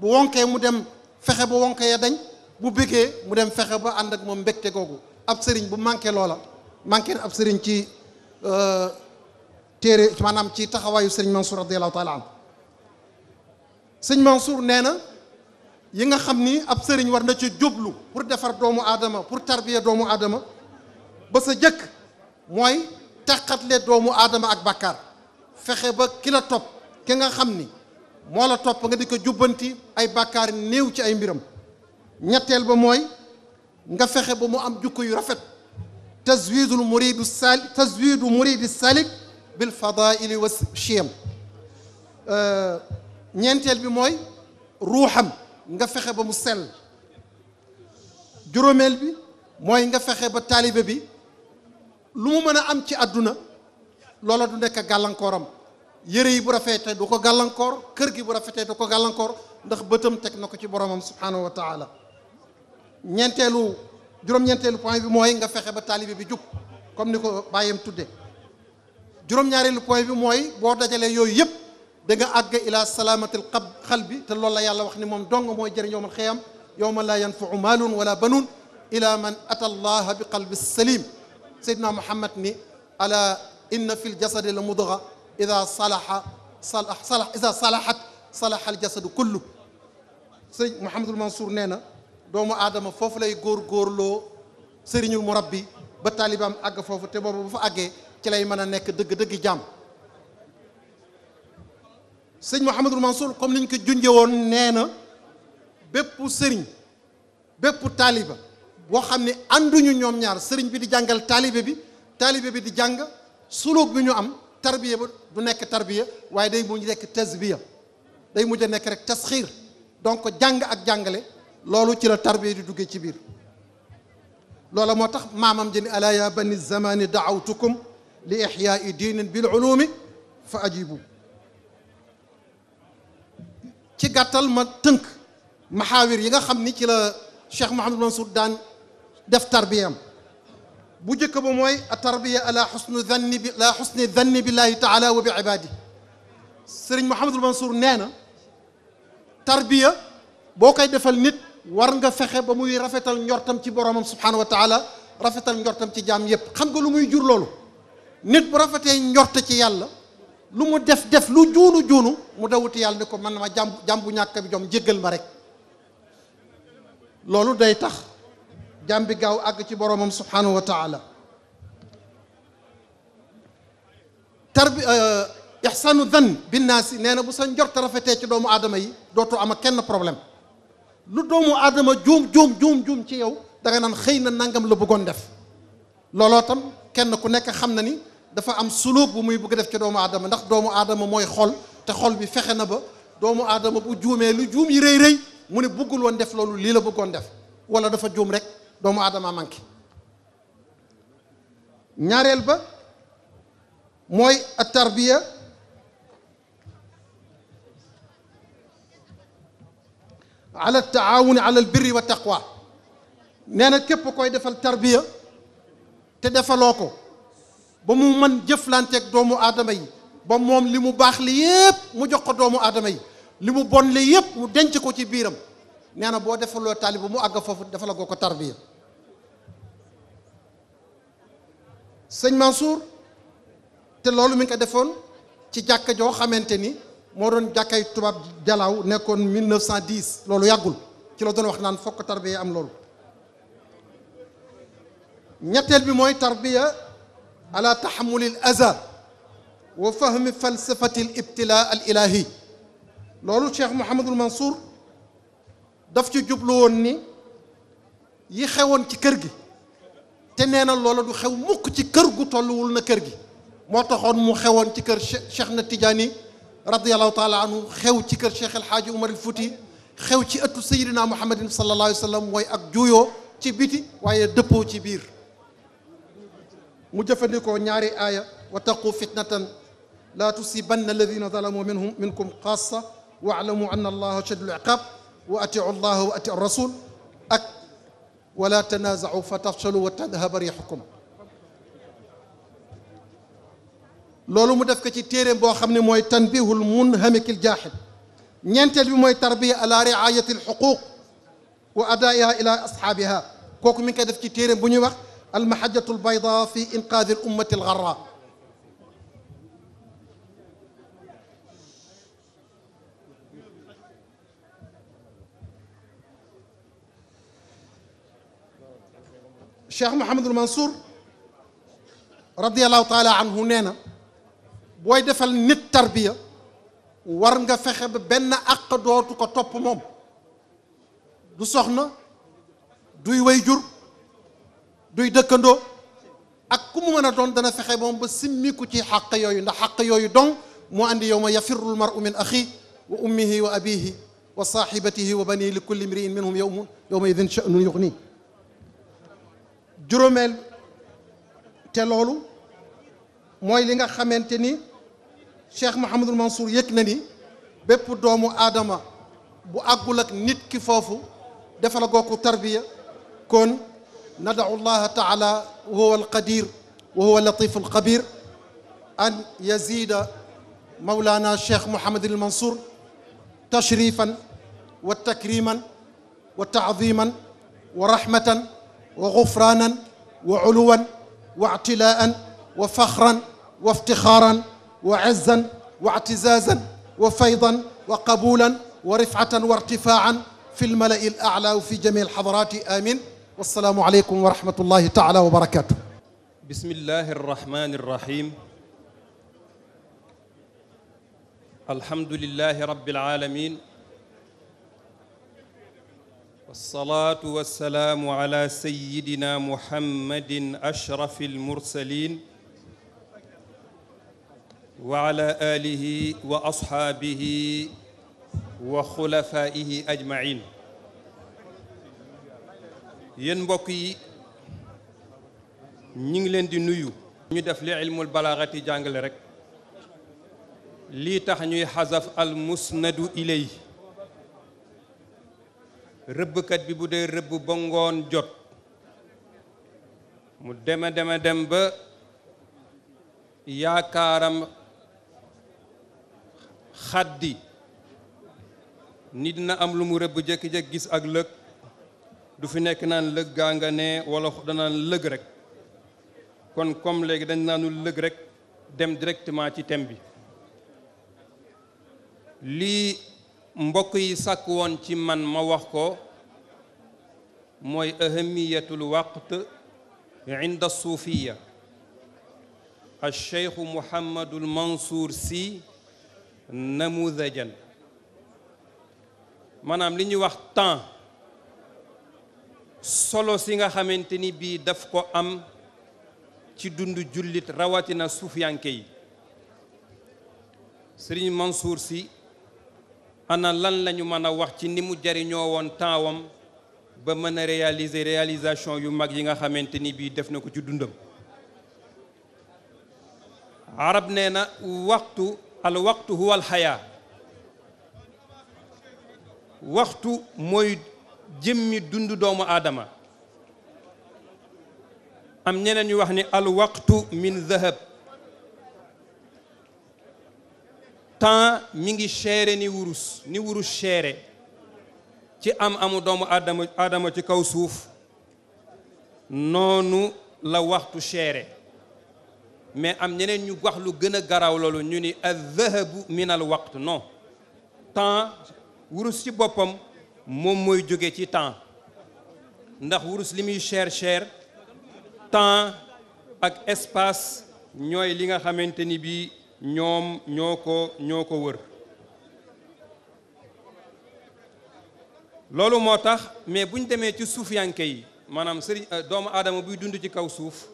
bu wonkee mu dem fexe ba wonko dañ bu bëggee mu dem fexe ba ànd ak moom mbégte googu ab sëriñ bu manqué loola manqué ab sëriñ ci euh, téere maanaam ci taxawaayu sëriñ Mansour radiallahu taala an sëñ Mansour nee na yi nga xam ni ab sëriñ war na ci jublu pour defar doomu aadama pour tarbiya doomu aadama ba sa jëkk mooy teqatle doomu aadama ak bàkkaar fexe ba ki topp ki nga xam ni moo la topp nga di ko jubbanti ay bàkkaar néew ci ay mbiram ñetteel ba mooy nga fexe ba mu am jukko yu rafet tazwidul muridu sali tazwidu muridi salik bil fadaili wa chiyam ñeenteel bi mooy ruuxam nga fexe ba mu sel juróomeel bi mooy nga fexe ba taalibe bi lu mu mën a am ci àdduna loola du nekk gàllankooram yëre yi bu rafetee du ko gàllankoor kër gi bu rafetee du ko gàllankoor ndax bëtam teg na ko ci boromam subhaanahu wa taala ñeenteelu juróom-ñeenteelu point bi mooy nga fexe ba taalibe bi jub comme ni ko bàyyam tudde juróom-ñaareelu point bi mooy boo dajalee yooyu yëpp da nga àgg ila salaamatil xab xal bi te loolu la yàlla wax ni moom dong mooy jëriñ yowmal xiyam yowma laa yanfau maalun wala banuun ila man ata allaha bi qalbi salim seydna muhammad ni ala inna fi ljasadi la mudga ida salaha sala sala ida salahat salaha aljasadu kullu sëñ mouhamadul mansour nee na doomu aadama foofu lay góor góorloo sëriñul murabbi ba taalibaam àgg foofu te boobu bu fa àggee ci lay mën a nekk dëgg dëgg jàmm sëñ mouhamadul mansour comme niñ ko junje woon nee na bépp sëriñ bépp taaliba boo xam ne ànduñu ñoom ñaar sëriñ bi di jàngal taalibe bi taalibe bi di jàng suluk bi ñu am tarbiya ba du nekk tarbiya waaye day mujj nekk tasbiya day mujj a nekk rek tasxiir donc jàng ak jàngale loolu ci la tarbiya di duggee ci biir loola moo tax maamam jëni alaa ya bani zamani daawtukum li ixyaai diinin bil ulumi fa ajibu ci gàttal ma tënk maxaawir yi nga xam ni ci la Cheikh Mouhamadou Mansour def tarbiyam bu njëkk ba mooy a tarbiya la xusnu danni bi la xusni danni billahi taala wa bi ibaadi sëriñ Mouhamadul nee na tarbiya boo koy defal nit war nga fexe ba muy rafetal njortam ci boromam subhanahu wa taala rafetal njortam ci jaam yépp xam nga lu muy jur loolu nit bu rafetee njort ci yàlla lu mu def def lu juunu junu mu dawuti yàlla ne ko man ma jàmb jàmbu ñàkk bi jom jéggal ma rek loolu day tax jàm bi gaaw àgg ci boromam subhaanahu wa taala tarbi bi euh, naas binnaasi nee na bu sa njort rafetee ci doomu aadama yi dootoo ama kenn problème lu doomu aadama juum juum juum juum ci yow da nga naan xëy na nangam la bëggoon def looloo tam kenn ku nekk xam na ni dafa am suluub bu muy bugg def ci doomu aadama ndax doomu aadama mooy xol te xol bi fexe na ba doomu aadama bu juumee lu juum yi rëy rëy mu ne bëggul woon def loolu lii la bëggoon def wala dafa juum rek doomu aadama manqué ñaareel ba mooy at tarbiya ala taawuni ala albirri wa taqwa nee na képp koy defal tarbiya te defaloo ko ba mu mën jëflanteeg doomu aadama yi ba moom li mu baax li mu jox ko doomu aadama yi li mu bon li yëpp mu denc ko ci biiram nee na boo defaloo taaliba mu àgg foofu defalagoo ko tarbiya sëñ Mansour te loolu mi ngi ko defoon ci jàkka joo xamante ni moo doon jàkkay tubaab jalaaw nekkoon 1910 loolu yàggul ci la doon wax naan fokk tarbiya am loolu ñetteel bi mooy tarbiya ala taxamulil aza wa fahmi falsafati al ibtila al ilahi loolu cheikh Mouhamadul Mansour daf ci jublu woon ni yi xewoon ci kër gi te nee na loola du xew mukk ci kër gu tolluwul na kër gi moo taxoon mu xewoon ci kër Cheikh na Tidiane radiyallahu taala anhu xew ci kër Cheikh El Hadj Umar El Fouti xew ci ëttu Seydina Muhammadin sallallahu alayhi wa sallam mooy ak juyoo ci biti waaye dëppoo ci biir mu jëfandikoo ñaari aaya wa taqu fitnatan laa tusibanna alladina zalamu minhum minkum xaasa wa alamu anna allaha shadidul iqab wa atiu allaha wa atiu rasul ak wala tanaazacu fa tafshalu wa tadhaba riixukum loolu mu def ko ci téeréem boo xam ne mooy tanbihul munhamikil jaaxil ñeenteel bi mooy tarbiya ala riayati alxuquq wa adaiha ila asxaabiha kooku mi ngi koy def ci téeréem bu ñuy wax almahajatu albayda fi inqaadi al ummati algarra cheikh Mouhamadul Mansour radiallahu taala anhu nee na booy defal nit tarbiya war nga fexe ba benn àq dootu ko topp moom du soxna duy way jur duy dëkkandoo ak ku mu mën a doon dana fexe moom ba simmiku ci xàq yooyu ndax xàq yooyu dong moo andi yow ma yafirru lmaru min axi wa ummihi wa abihi wa saaxibatihi wa banii li kulli mriin minhum yowma idin sha'nun yuxni juróomeel te mooy li nga xamante ni Cheikh Mouhamadul Mansour yëg na ni bépp doomu aadama bu àggul ak nit ki foofu defal goo ko kon nadacu llaha taala wahuwa alqadir wa huwa latifu alxabir an yazida mawlana Cheikh Mouhamadul Mansour tashrifan wa takriman wa taadiman wa rahmatan wa xufraanan wa uluwan wa atilaan wa faxran wa iftixaaran wa izzan wa atizaazan wa faydan wa qabuulan wa rifatan wa irtifaan fi lmalai al aala wa fi jami alxadarati amin wassalaamu aleykum wa rahmatullahi taala wa barakatuh bismillahi arrahmani arrahim alhamdulillahi rabbil aalamiin والصلاة والسلام على سيدنا محمد أشرف المرسلين وعلى آله وأصحابه وخلفائه أجمعين yéen mbokk yi ñu ngi leen di nuyu ñu def li ilmul balaagati jàngale rek lii tax ñuy xasaf al musnadu ilay rëbbkat bi bu dee rëbb ba ngoon jot mu deme deme dem ba yaakaaram xaddi nit dina am lu mu rëbb jékki-jékki gis ak lëg du fi nekk naan lëg gaa nga ne wala danaan lëg rek kon comme léegi dañ naanu lëg rek dem directement ci thème bi lii mbokk yi sàkk woon ci man ma wax ko mooy ahamiyatul waqt inda suufiya al cheikhu muhammadul mansour si namudajan maanaam li ñuy wax temps solo si nga xamante ni bii daf ko am ci dund jullit rawatina suufiyanke yi sëriñ mansour si ana lan lañu mën a wax ci ni mu jariñoo woon taawam ba mën a réaliser réalisation yu mag yi nga xamante ni bii def na ko ci dundam arab nee na waxtu al waxtu huwa al xayaa waxtu mooy jëmmi dund doomu aadama am ñeneen ñu wax ni al waxtu min zahab temps mi ngi chéré ni wurus ni wurus chéré ci am amu doomu aadama aadama ci kaw suuf noonu la waxtu chéré mais am ñeneen ñu wax lu gën a garaaw loolu ñu ni adhahabu min al waqt non temps wurus ci boppam moom mooy jóge ci temps ndax wurus li muy cher cher temps ak espace ñooy li nga xamante ni bii ñoom ñoo ko ñoo ko wër loolu moo tax mais bu ñu demee ci suuf suufiyanke yi maanaam sëriñ euh, doomu aadama buy dund ci kaw suuf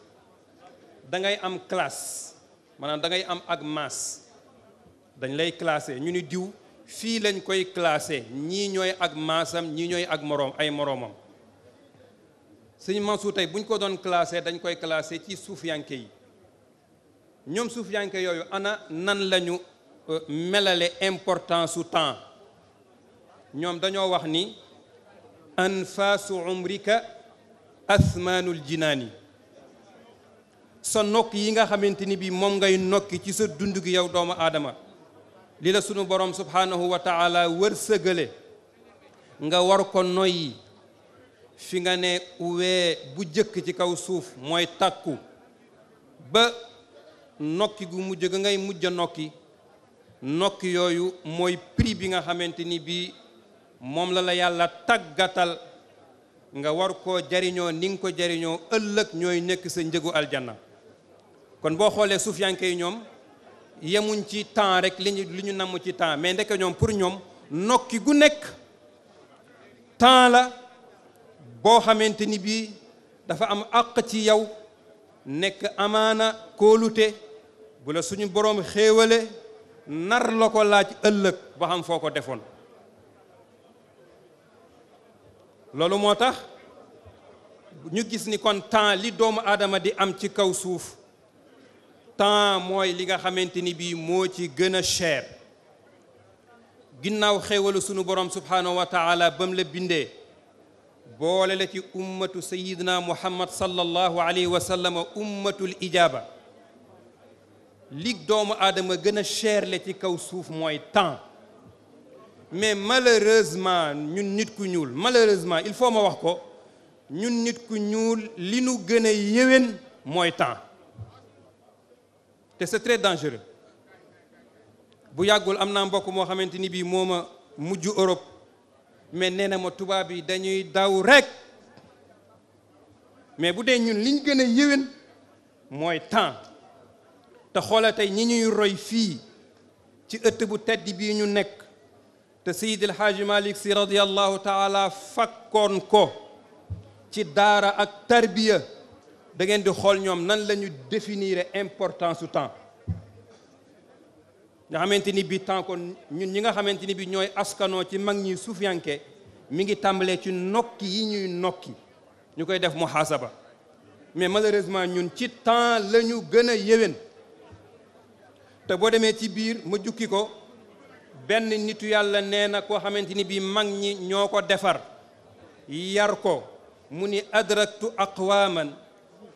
da ngay am classe maanaam da ngay am ak masse dañ lay classé ñu ni diw fii lañ koy classé ñii ñooy ak maasam ñii ñooy ak moroom ay moroomam sëñ Mansour tey bu ñu ko doon classé dañ koy classé ci suufiyanke yi ñoom suufiyanke yooyu ana nan lañu euh, melale importance su temps ñoom dañoo wax ni anfaasu umrika asmaanul jinaani sa nokk yi nga xamante ni bi moom ngay nokki ci sa dund gi yow doomu aadama li la sunu borom subhaanahu wa taala wërsëgale nga war ko noyyi fi nga ne uwee bu jëkk ci kaw suuf mooy takku ba nokki gu mujj ga ngay mujj a nokki nokki yooyu mooy prix bi nga xamante ni bii moom la la yàlla tàggatal nga war koo jariñoo ni nga ko jariñoo ëllëg ñooy nekk sa njëgu aljanna kon boo xoolee suufiyanke yi ñoom yemuñ ci temps rek li ñu ñu namm ci temps mais ndeke ñoom pour ñoom nokki gu nekk temps la boo xamante ni bii dafa am àq ci yow nekk amaana kóolute bu la suñu boroom xéewale nar la ko laaj ëllëg boo xam foo ko defoon loolu moo tax ñu gis ni kon temps li doomu aadama di am ci kaw suuf temps mooy li nga xamante ni bii moo ci gën a cher ginnaaw xéewalu sunu borom subhaanahu wa bam la bindee boole la ci ummatu sayidina muhammad sallallahu alayhi wa sallam ummatul ijaaba li doomu aadama gën a cherle ci kaw suuf mooy temps mais malheureusement ñun nit ku ñuul malheureusement il faut ma wax ko ñun nit ku ñuul li nu gën a yéwén mooy temps te c'est très dangereux bu yàggul am naa mbokk moo xamante ni bii moo a mujj Europe mais nee na ma tubaab yi dañuy daw rek mais bu dee ñun liñ gën a yéwén mooy temps te xoola tey ñi ñuy roy fii ci ëtt bu tedd bii ñu nekk te Seydil Haaji Malick si radiyallahu taala fakkoon ko ci daara ak tarbiya da ngeen di xool ñoom nan la ñu définir importance su temps nga xamante ni bi temps kon ñun ñi nga xamante ni bi ñooy askanoo ci mag ñi suufiyanke mi ngi tàmbalee ci nokki yi ñuy nokki ñu koy def muhaasaba mais malheureusement ñun ci temps lañu ñu gën a yéwén te boo demee ci biir ma jukki ko benn nitu yàlla nee na koo xamante ni bii mag ñi ñoo ko defar yar ko mu ni adraktu aqwaman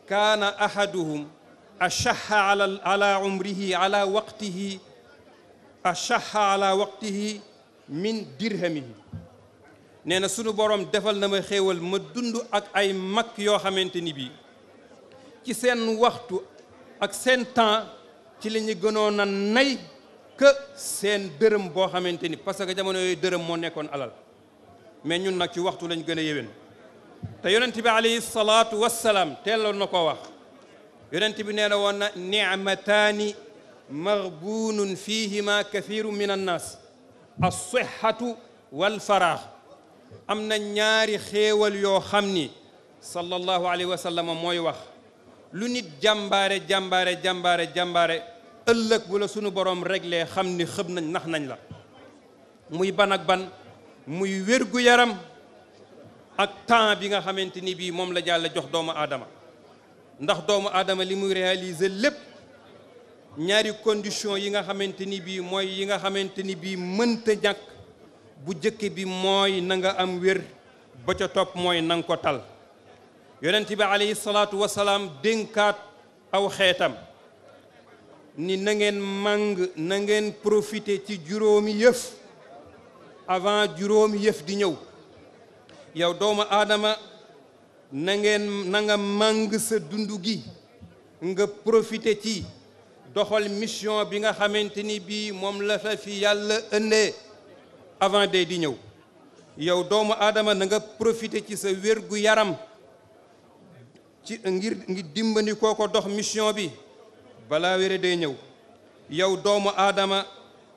kaana ahaduhum ashaha ala ala umrihi ala waqtihi ashaha ala waqtihi min dirhamihi nee na sunu borom defal na ma xéewal ma dund ak ay mag yoo xamante ni bii ci seen waxtu ak seen temps ci la ñu gënoon a nay que seen dërëm boo xamante ni parce que jamono yooyu dërëm moo nekkoon alal mais ñun nag ci waxtu lañ gën a yéwén te yonent bi alayhi salaatu wassalaam teeloon na ko wax yonent bi nee na woon na nicmataani maghbuunun fihima kathiru min annaas alsihatu walfaraax am na ñaari xéewal yoo xam ni sallallahu alayhi wa mooy wax lu nit jàmbaare jàmbaare jàmbaare jàmbaare ëllëg bu la sunu borom réglé xam ni xëb nañ nax nañ la muy ban ak ban muy wérgu yaram ak temps bi nga xamante ni bii moom la Yàlla jox doomu aadama ndax doomu aadama li muy réaliser lépp ñaari condition yi nga xamante ni bii mooy yi nga xamante ni bii mënta ñàkk bu jëkk bi mooy na nga am wér ba ca topp mooy nanga ko tal yonent bi alayhi salaatu wasalaam dénkaat aw xeetam ni nangeen ngeen màng na ngeen profité ci juróomi yëf avant juróomi yëf di ñëw yow doomu aadama na ngeen na nga màng sa dund gi nga profité ci doxal mission bi nga xamante ni bii moom la fa fi yàlla ëndee avant de di ñëw yow doomu aadama nanga nga profité ci sa wér gu yaram ci ngir ngir dimbali koo ko dox mission bi bala wére day ñëw yow doomu aadama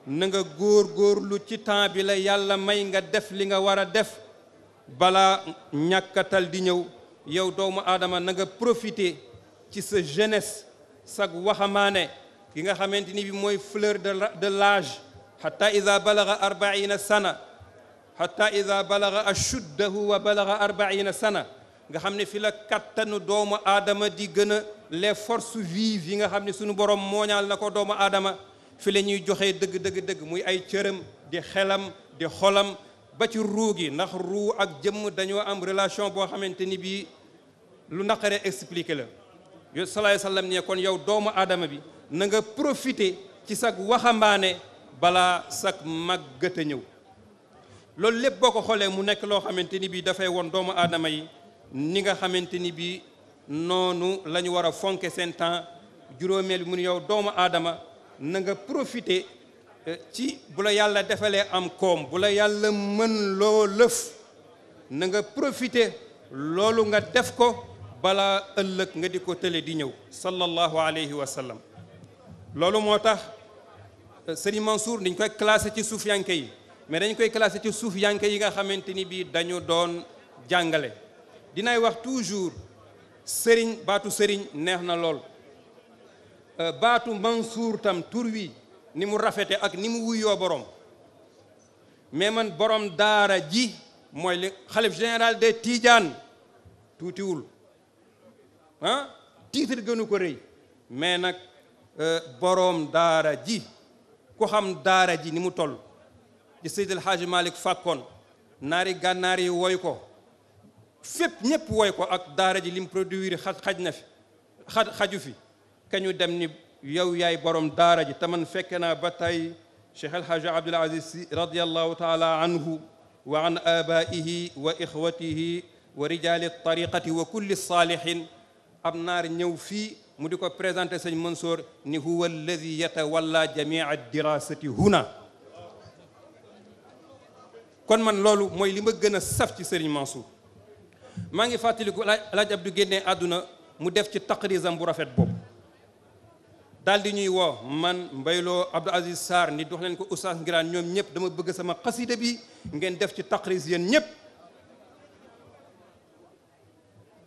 nanga nga góor góorlu ci temps bi la yàlla may nga def li nga war a def bala ñàkkatal di ñëw yow doomu aadama nanga nga profité ci sa jeunesse sag waxamaane ki nga xamante ni bi mooy fleur de l'âge xata ida balaga arbaina sana xata ida balaga ashuddahu wa balaga arbaina sana nga xam ne fi la kattanu doomu aadama di gën a les forces vives yi nga xam ne suñu borom mooñaal na ko doomu aadama fi la ñuy joxee dëgg dëgg dëgg muy ay cëram di xelam di xolam ba ci ruu gi ndax ruu ak jëmm dañoo am relation boo xamante ni bii lu naqaree expliqué la yo salaay sallam ne kon yow doomu aadama bi na nga profité ci sag waxambaane balaa sag màggata ñëw loolu lépp boo ko xoolee mu nekk loo xamante ni bii dafay won doomu aadama yi ni nga xamante ni bii noonu la ñu war a fonke seen temps juróomeel bi mu ne yow doomu aadama na nga profité euh, ci bu la yàlla defalee am koom bu la yàlla mën loo lëf na nga profité loolu nga def ko balaa ëllëg nga di ko tële di ñëw sallallahu alayhi wa sallam loolu moo tax euh, sëriñ Mansour dañ koy classé ci suuf yanke yi mais dañ koy classé ci suuf yanke yi nga xamante ni bii dañu doon jàngale dinay wax toujours sëriñ baatu sëriñ neex na lool euh, baatu Mansour tam tur wi ni mu rafete ak ni mu wuyoo borom mais man borom daara ji mooy li xalif général de Tidiane tuutiwul ah gënu ko rëy mais nag euh, borom daara ji ku xam daara ji ni mu toll di Seydil Hadji Malick fàkkoon naari gànnaar yi woy ko fépp ñëpp woy ko ak daara ji lim produire xaj xaj na fi xaj xaju fi kañu dem ni yow yaay borom daara ji taman fekke naa ba tey cheikh alhaji abdul aziz si radiallahu taala anhu wa an abaihi wa ixwatihi wa rijali tariqati wa kulli saalihin naar ñëw fii mu di ko présenté sëñ Mansour ni huwa alladi yatawalla jamia dirasati huna kon man loolu mooy li ma gën a saf ci sëriñ Mansour maa ngi fàttaliku alaaj Abdu génne àdduna mu def ci taqrisam bu rafet boobu daal di ñuy woo man mbayloo Abdou Aziz Sarr ni dox leen ko Oustaz Ngiraan ñoom ñëpp dama bëgg sama xasida bi ngeen def ci taqris yéen ñëpp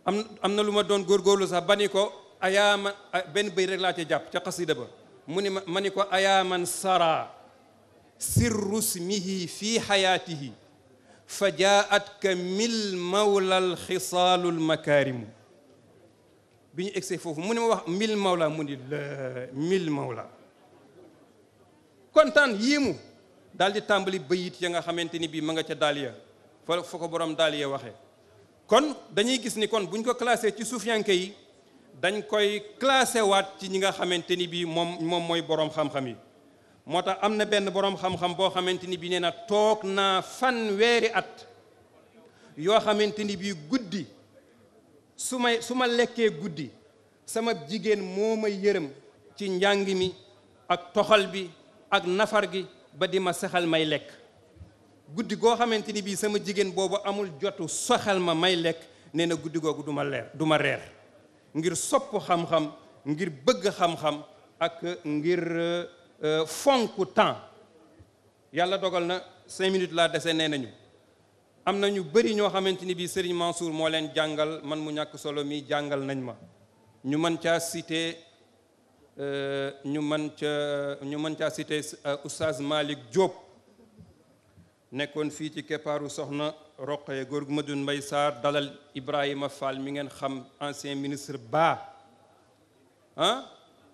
am am na lu ma doon góor góorlu sax bani ko ayaama benn bëy rek laa ci jàpp ca xasida ba mu ni ma ma ni ko ayaaman sara sirru smihi fii xayaatihi fa jaatka mil mawlal xisaalul makaarimu bi ñu egsee foofu mu ne ma wax mil mawla mu ni la mil mawla kontaan yéemu daal di tàmbali bayit ya nga xamante ni bii mu nga ca daaliya fa fa ko dàll daaliya waxee kon dañuy gis ni kon buñ ko classé ci suufiyanke yi dañ koy classé waat ci ñi nga xamante ni bii moom moom mooy borom xam-xam yi moo tax am na benn boroom xam-xam boo xamante ni bi nee na toog naa weeri at yoo xamante ni bii guddi su may su ma lekkee guddi sama jigéen moo may yërëm ci njàng mi ak toxal bi ak nafar gi ba di ma saxal may lekk guddi goo xamante ni bii sama jigéen boobu amul jotu saxal ma may lekk nee na guddi googu du ma leer du ma reer ngir sopp xam-xam ngir bëgg xam-xam ak ngir Euh, fonk temps yàlla dogal na cinq minutes laa dese nee nañu am na ñu bëri ñoo xamante ni bii Serigne Mansour moo leen jàngal man mu ñàkk solo mi jàngal nañ ma ñu mën caa cité ñu euh, mën ca ñu mën caa cité euh, oustaz Malick Diop nekkoon fii ci keppaaru soxna Roqee góor gu Madoun Mbaye Sarr dalal Ibrahima Fall mi ngeen xam ancien ministre ba ah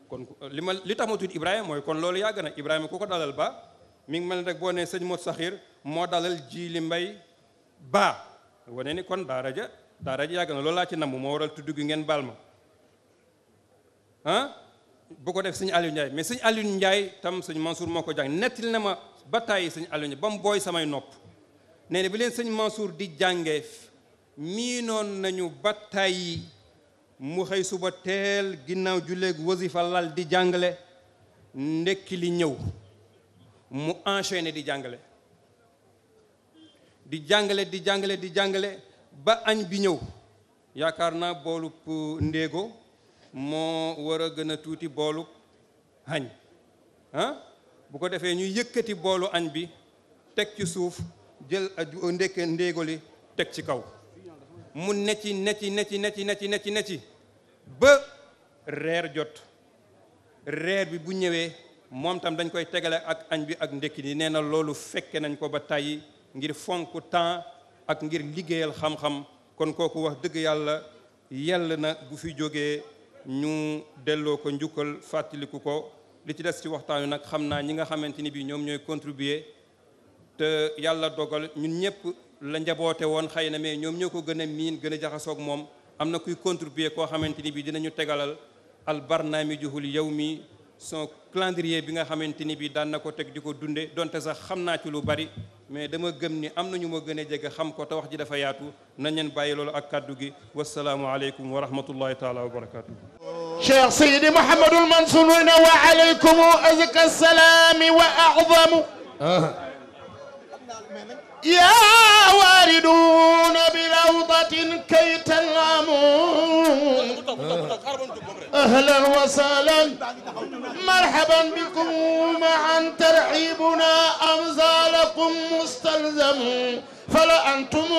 kon li ma li tax ma tudd Ibrahima mooy kon loolu yàgg na Ibrahima ku ko dalal ba mi ngi mel ne rek boo nee sëñ Mot Saxir moo dalal ji li mbay ba wane ni kon daara ja daara yàgg na loolu laa ci namm moo waral tudd gi ngeen baal ma bu ko def sëñ Aliou Ndiaye mais sëñ Aliou Ndiaye tam sëñ Mansour moo ko jàng li na ma ba tàyyi sëñ Aliou ba mu booy samay nopp nee na bi leen sëñ Mansour di jàngee miinoon nañu ba tàyyi mu xëy suba teel ginnaaw julleeg wasifa lal di jàngale ndekki li ñëw mu enchaîné di jàngale di jàngale di jàngale di jàngale ba añ bi ñëw yaakaar naa boolub uh, ndéego moo war a gën a tuuti boolu añ ah bu ko defee ñu yëkkati boolu añ bi teg ci suuf jël ndekke ndéego li teg ci kaw mu necci necci necci necci necci necci ba reer jot reer bi bu ñëwee moom tam dañ koy tegale ak añ bi ak ndekki yi nee na loolu fekke nañ ko ba tàyyi ngir fonk temps ak ngir liggéeyal xam-xam kon kooku wax dëgg yàlla yell na bu fi jógee ñu delloo ko njukkal fàttaliku ko li ci des ci waxtaan wi nag xam naa ñi nga xamante ni bi ñoom ñooy contribuer te yàlla dogal ñun ñëpp la njaboote woon xëy na mais ñoom ñoo ko gën a miin gën a jaxasoog moom am na kuy contribuer koo xamante ni bi dinañu tegalal al barnaamijul yawmi son calendrier bi nga xamante ni bi daan na ko teg di ko dunde donte sax xam naa ci lu bari mais dama gëm ni am na ñu ma gën a jeg xam ko te wax ji dafa yaatu nañ leen bàyyi loolu ak kàddu gi wasalaamualeykum wa rahmatullahi taala wa barakatuh cheikh seydi mouhamadul mansour na wa aleykum azka salaami wa a'zamu ah. yaa waariduna bi rawdatin kay tanaamu ahlan wa sahlan marhaban bikum ma'an tarhibuna amzalakum mustalzam fala antum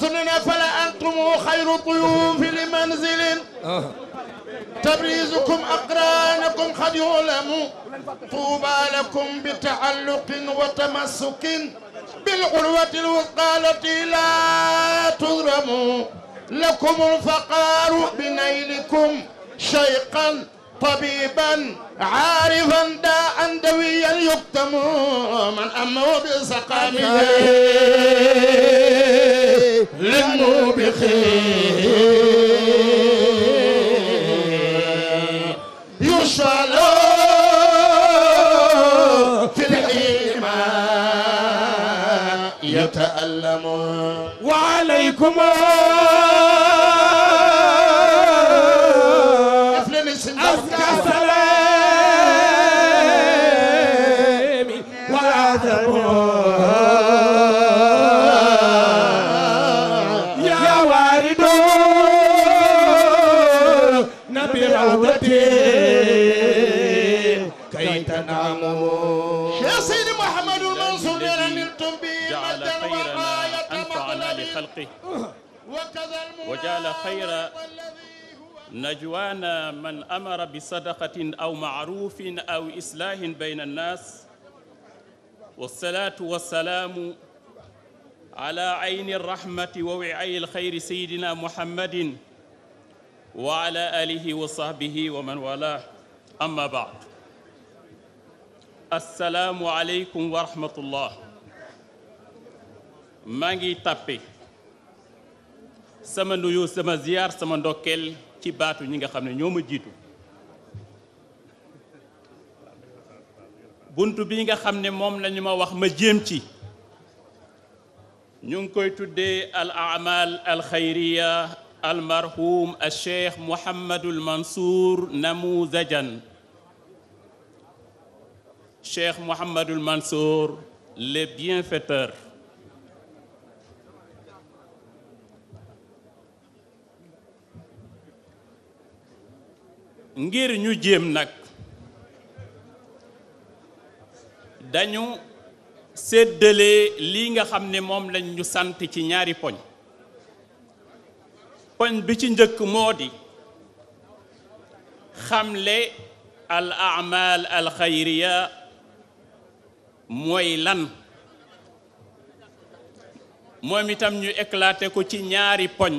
سننا فلا أنتم خير ضيوف لمنزل تبريزكم أقرانكم قد يعلم طوبى لكم بتعلق وتمسك بالعروة الوثقى التي لا تضرم لكم الفقار بنيلكم شيقا طبيبا عارفا داء دويا يكتم من أمه بسقامه لنو بخير يشفى في الحيمة يتألم وعليكم خير نجوانا من أمر بصدقة أو معروف أو إصلاح بين الناس والصلاة والسلام على عين الرحمة ووعي الخير سيدنا محمد وعلى آله وصحبه ومن والاه أما بعد السلام عليكم ورحمة الله maa ngi tàppe sama nuyu sama ziyaar sama ndokkeel ci baatu ñi nga xam ne ñoo ma jiitu bunt bi nga xam ne moom lañu ma wax ma jéem ci ñu ngi koy tuddee al amal al xayriya al marhum al cheikh Mouhamadul Mansour namuzajan cheikh Mouhamadul Mansour le bienfaiteur ngir ñu jéem nag dañu séddale lii nga xam ne moom lañ sant ci ñaari poñ poñ bi ci njëkk moo di xamle al amal al mooy lan moom itam ñu éclaté ko ci ñaari poñ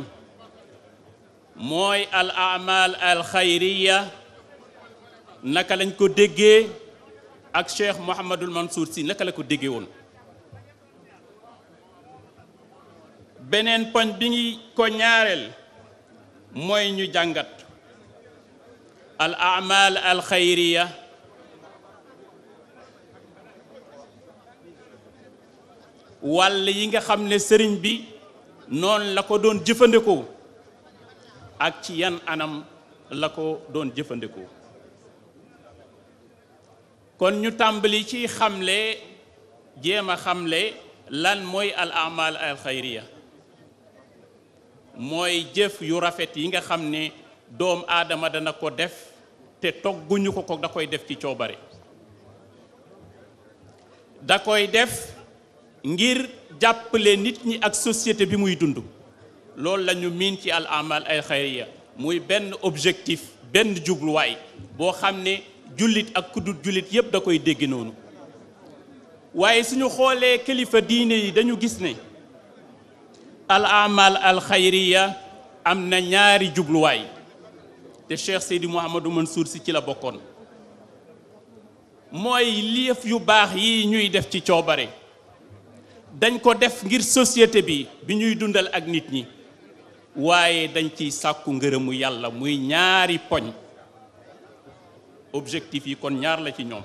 mooy al amal al xayriya naka lañ ko déggee ak cheikh Mouhamadul Mansour si naka la ko déggee woon beneen poñ bi ngi ko ñaareel mooy ñu jàngat al amal al xayriya wàll yi nga xam ne sëriñ bi noon la ko doon jëfandikoo ak ci yan anam la ko doon jëfandikoo kon ñu tàmbali ci xamle jéem a xamle lan mooy al amal mooy jëf yu rafet yi nga xam ne doom aadama dana ko def te togguñu ko ko da koy def ci coobare da koy def ngir jàppale nit ñi ak société bi muy dund loolu lañu miin ci al amal al xayriya muy benn objectif benn jubluwaay boo xam ne jullit ak kuddu jullit yépp da koy dégg noonu waaye suñu xoolee kilifa diine yi dañu gis ne al amal am na ñaari jubluwaay te Cheikh Seydi Mouhamadou Mansour si ci la bokkoon mooy lief yu baax yi ñuy def ci coobare dañ ko def ngir société bi bi ñuy dundal ak nit ñi waaye dañ ciy sàkku ngërëmu yàlla muy ñaari poñ objectif yi kon ñaar la ci ñoom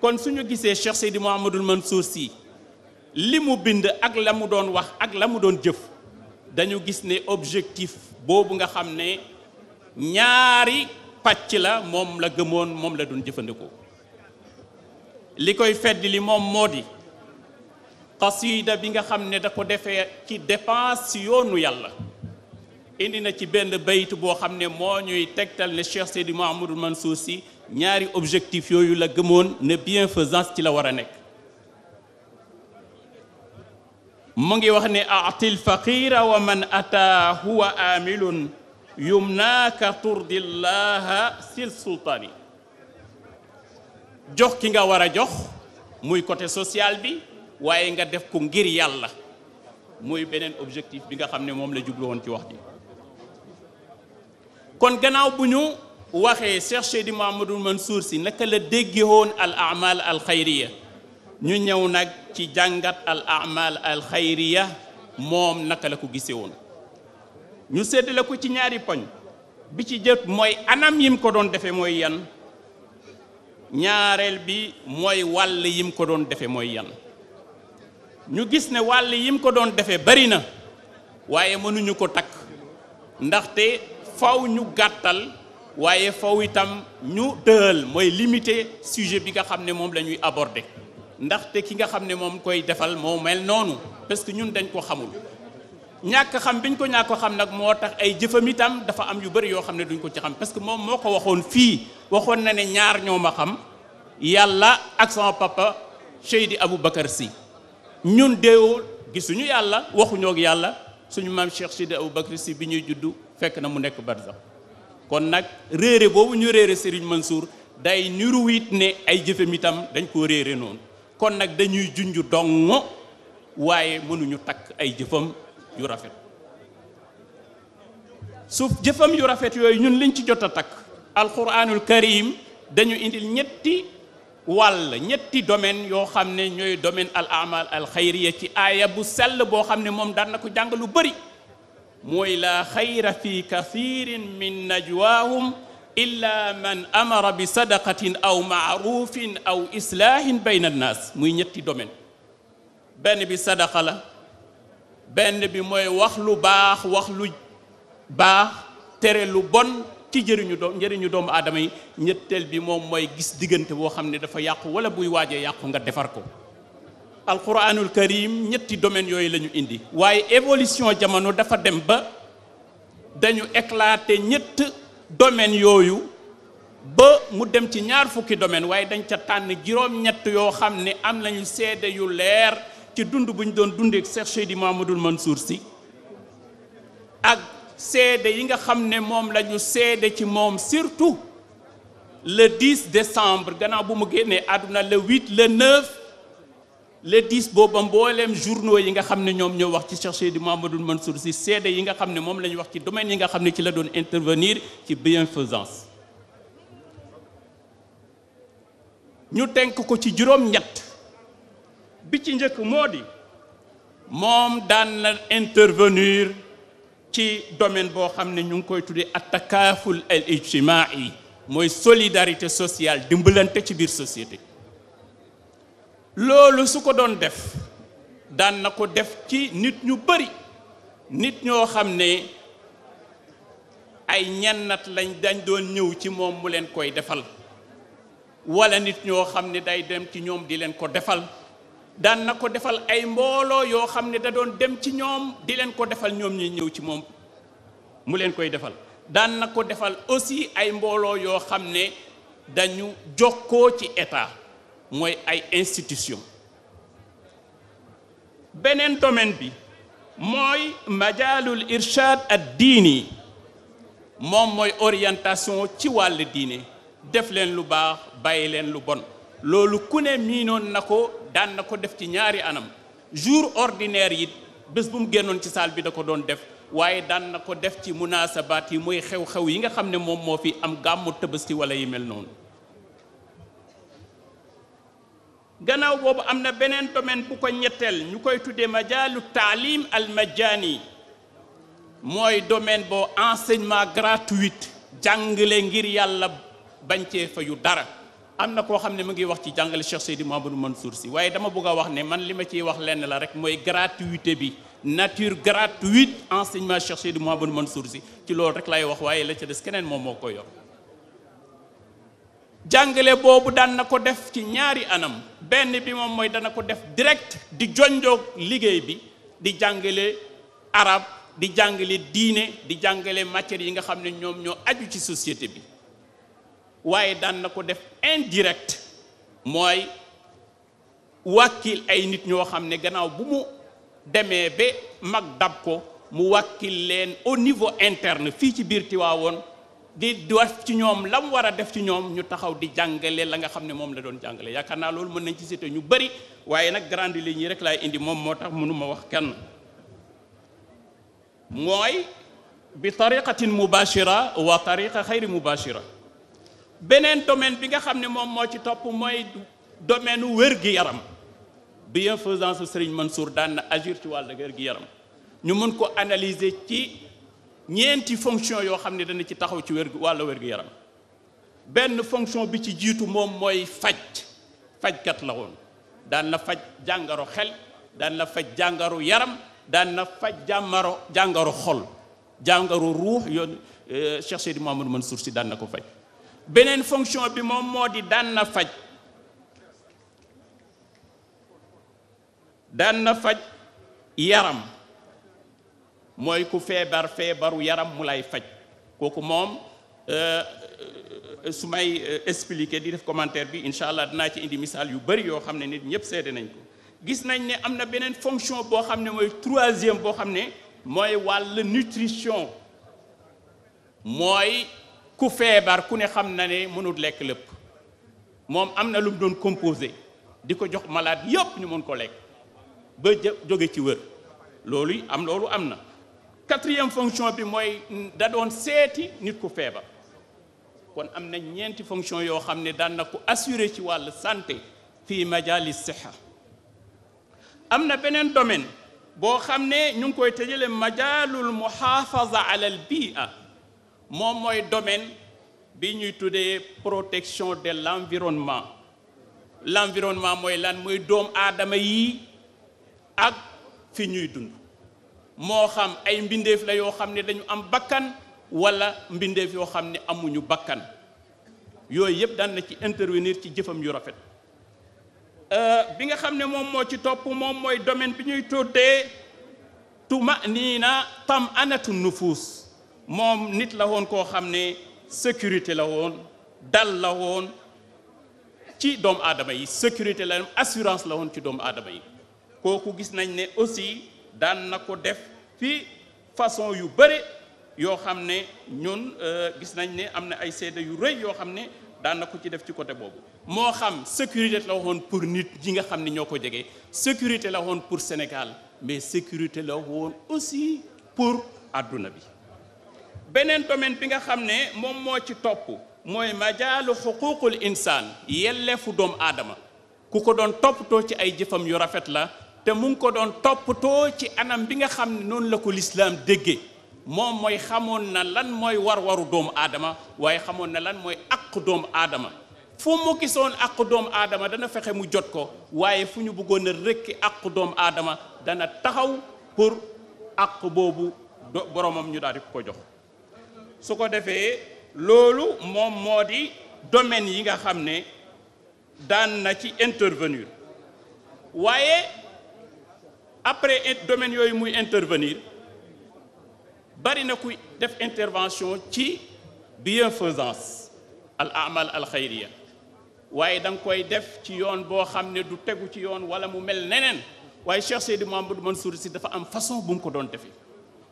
kon suñu gisee Cheikh Seydi mën Mansour Sy li mu bind ak la mu doon wax ak la mu doon jëf dañu gis ne objectif boobu nga xam ne ñaari pàcc la moom la gëmoon moom la doon jëfandikoo li koy fedd li moom moo di xasida bi nga xam ne da ko defee ci dépense yoonu yàlla indi na ci benn baytu boo xam ne moo ñuy tegtal ne Cheikh Seydi Mouhamadou Mansour Sy ñaari objectif yooyu la gëmoon ne bien bienfaisance ci la war a nekk mu ngi wax ne atil faqira wa man ata huwa amilun yumnaaka turdi llaha sil sultaani jox ki nga war a jox muy côté social bi waaye nga def ko ngir yàlla muy beneen objectif bi nga xam ne moom la jublu woon ci wax kon gannaaw bu ñu waxee Cheikh Seydi Mouhamadoul suur si naka la dégge woon al amal al xayriya ñu ñëw nag ci jàngat al amal al xayriya moom naka la ko gise woon ñu séddale ko ci ñaari poñ bi ci jët mooy anam yim ko doon defe mooy yan ñaareel bi mooy wàll yim ko doon defe mooy yan ñu gis ne wàll yim ko doon defe bari na waaye mënuñu ko takk ndaxte faw ñu gàttal waaye faw itam ñu tëhal mooy limiter sujet bi nga xam ne moom la ñuy aborder ndaxte ki nga xam ne moom koy defal moo mel noonu parce que ñun dañ ko xamul ñàkk xam biñ ko ñàkk xam nag moo tax ay jëfam itam dafa am yu bëri yoo xam ne duñ ko ci xam parce que moom moo ko waxoon fii waxoon na ne ñaar ñoo ma xam yàlla ak sama papa abu Aboubacar Sy ñun deewul gisuñu yàlla waxuñook yàlla suñu maam Cheikh Seydi Aboubacar Sy bi ñuy juddu fekk na mu nekk barzax kon nag réere boobu ñu réere Serigne Mansour day niru it ne ay jëfem itam dañ koo réere noonu kon nag dañuy junj dong waaye mënuñu takk ay jëfam yu rafet suuf jëfam yu rafet yooyu ñun liñ ci jot a takk alquranul karim dañu indil ñetti wàll ñetti domaine yoo xam ne ñooy domaine al amal al xayriya ci aaya bu sell boo xam ne moom daan na ko jàng lu bari mooy laa xayra fi kathirin min najwaahum illa man amara bi sadaqatin aw maarufin aw islaahin bayna annaas muy ñetti domaine benn bi sadaqa benn bi mooy wax lu baax wax lu baax tere lu bon ci jëriñu doom njëriñu doomu aadama yi ñetteel bi moom mooy gis diggante boo xam ne dafa yàqu wala buy waajee yàqu nga defar ko alquranul karim ñetti domaines yooyu la ñu indi waaye évolution jamono dafa dem ba dañu éclater ñett domaines yooyu ba mu dem ci ñaar fukki domaine waaye dañ ca tànn juróom-ñett yoo xam ne am nañu seede yu leer ci dund bu ñu doon dundee mu Seydi mën Mansour si ak seede yi nga xam ne moom lañu seede ci moom surtout le 10 décembre gannaaw bu mu génnee àdduna le 8 le 9 le 10 booba mbooleem journaux yi nga xam ne ñoom ñoo wax ci Cheikh Seydi Mouhamadoul Mansour Sy seede yi nga xam ne moom la ñu wax ci domaine yi nga xam ne ci la doon intervenir ci bienfaisance ñu tenk ko ci juróom-ñett bi ci njëkk moo di moom daan na intervenir ci domaine boo xam ne ñu ngi koy tuddee attakaaful al ijtimaai mooy solidarité sociale dimbalante ci biir société loolu su ko doon def daan na ko def ci nit ñu bari nit ñoo xam ne ay ñennat lañ dañ doon ñëw ci moom mu leen koy defal wala nit ñoo xam ne day dem ci ñoom di leen ko defal daan na ko defal ay mbooloo yoo xam ne da dem ci ñoom di leen ko defal ñoom ñuy ñëw ci moom mu leen koy defal daan ko defal aussi ay mbooloo yoo xam ne dañu jokkoo ci état mooy ay institution beneen domaine bi mooy majaalul irshad ad diini moom mooy orientation ci wàll diine def leen lu baax bàyyi leen lu bon loolu ku ne miinoon na ko daan na ko def ci ñaari anam jour ordinaire yi bés bu mu génnoon ci saal bi da ko doon def waaye daan na ko def ci munaasabaat yi mooy xew-xew yi nga xam ne moom moo fi am gàmmu tabaski wala yi mel noonu gannaaw boobu am na beneen domaine bu ko ñetteel ñu koy tuddee majaalu taalim al majani mooy domaine boo enseignement gratuit jàngale ngir yàlla bañ cee fayu dara am na koo xam ne mu ngi wax ci jàngale Cheikh Seydi Mouhamadou Mansour Sy waaye dama bëgg a wax ne man li ma ciy wax lenn la rek mooy gratuité bi nature gratuite enseignement Cheikh Seydi Mouhamadou Mansour Sy ci loolu rek lay wax waaye la ci des keneen moom moo ko yor jàngale boobu daan na ko def ci ñaari anam benn bi moom mooy dana ko def direct di jonjoog liggéey bi di jàngale arab di jàngale diine di jàngale matières yi nga xam ne ñoom ñoo aju ci société bi waaye daan na ko def indirect mooy wàkkil ay nit ñoo xam ne gannaaw bu mu demee ba mag dab ko mu wàkkil leen au niveau interne fii ci biir Tiwaawoon di def ci ñoom lam war a def ci ñoom ñu taxaw di jàngale la nga xam ne moom la doon jàngale yaakaar naa loolu mën nañ ci cité ñu bëri waaye nag grande ligne yi rek laay indi moom moo tax mënu ma wax kenn mooy bi tariqatin mubashira wa tariqa xayri mubashira beneen domaine bi nga xam ne moom moo ci topp mooy domaine wér gi yaram bienfaisance Serigne Mansour daan agir ci wàllu wér gi yaram ñu mën ko analyser ci ñeenti fonction yoo xam ne dana ci taxaw ci wér wàllu wér yaram benn fonction bi ci jiitu moom mooy faj fajkat la woon daan na faj jàngaro xel daan na faj jàngaro yaram daan na faj jàmmaro jàngaro xol jàngaro ruux yoon euh, Cheikh Seydi man Mansour si daan na ko faj beneen fonction bi moom moo di daan na faj daan na faj yaram mooy ku feebar feebaru yaram mu lay faj kooku moom euh, euh, su may euh, expliquer di def commentaire bi incha allah dinaa ci indi misaal yu bëri yoo xam ne nit ñëpp seede nañ ko gis nañ ne am na beneen fonction boo xam ne mooy troisième boo xam ne mooy wàll nutrition mooy ku feebar ku ne xam na ne mënul lekk lépp moom am na lu mu doon composé di ko jox malade yëpp ñu mën ko lekk ba jóge ci wër loolu am loolu am na quatrième fonction bi mooy dadoon seeti nit ku feebar kon am na ñeenti fonction yoo xam ne daan na ko assuré ci wàllu santé fii majalis siha am na beneen domaine boo xam ne ñu ngi koy tëjale majalul muhafaza alal bia moom mooy domaine bi ñuy tuddee protection de l'environnement l'environnement mooy lan mooy doom aadama yi ak fi ñuy dund moo xam ay mbindeef la yoo xam ne dañu am bakkan wala mbindéef yoo xam ne amuñu bakkan yooyu yëpp daan na ci intervenir ci jëfam yu rafet euh, bi nga xam ne moom moo ci topp moom mooy domaine bi ñuy tuddee tuma nii na tam nu nufuus moom nit la woon koo xam ne sécurité la woon dal la woon ci doomu aadama yi sécurité la assurance la woon ci doomu aadama yi kooku gis nañ ne aussi daan na ko def fi façon yu bëri yoo xam ne ñun euh, gis nañ ne am na ay seede yu rëy yoo xam ne daan na ko ci def ci côté boobu moo xam sécurité la woon pour nit ñi nga xam ne ñoo ko jege sécurité la woon pour Sénégal mais sécurité la woon aussi pour àdduna bi beneen domaine bi nga xam ne moom moo ci topp mooy majaalu xuququl insaan yelleefu doomu aadama ku ko doon toppatoo ci ay jëfam yu rafet la te mu ngi ko doon toppatoo ci anam bi nga xam ne noonu la ko lislaam déggee moom mooy xamoon na lan mooy war-waru doomu aadama waaye xamoon na lan mooy àq doomu aadama fu mu gisoon àq doomu aadama dana fexe mu jot ko waaye fu ñu bëggoon a rekki àq doomu aadama dana taxaw pour àq boobu boromam ñu daal di ko jox su ko defee loolu moom moo di domaine yi nga xam ne daan na ci intervenir waaye après domaine yooyu muy intervenir bari na kuy def intervention ci bienfaisance al amal al xayriya waaye da nga koy def ci yoon boo xam ne du tegu ci yoon wala mu mel neneen waaye Cheikh du man Mansour si dafa am façon bu mu ko doon defee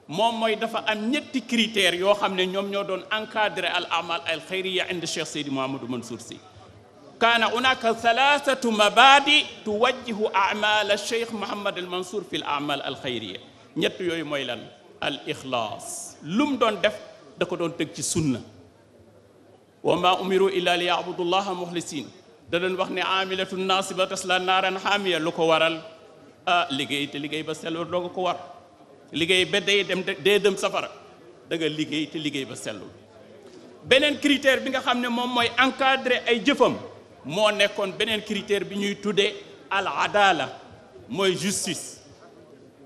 moom mooy dafa am ñetti critères yoo xam ne ñoom ñoo doon encadrer al amal al xayriya inde Cheikh du Mouhamadou Mansour si kaana hunaka thalathatu mabadi tuwajjihu amal cheikh mohamad al mansour fi l amal al xayriya ñett yooyu mooy lan al ixlaas lum doon def da ko doon tëg ci sunna wa ma umiru illa li yaabudullaha muxlisin da doon wax ne amilatu naasiba tasla naaran xaamiya lu ko waral ah liggéey te liggéey ba sellul doo ko war liggéey ba day dem dee dem safara da nga liggéey te liggéey ba sellul beneen criter bi nga xam ne moom mooy encadrer ay jëfam moo nekkoon beneen critère bi ñuy tuddee al adala mooy justice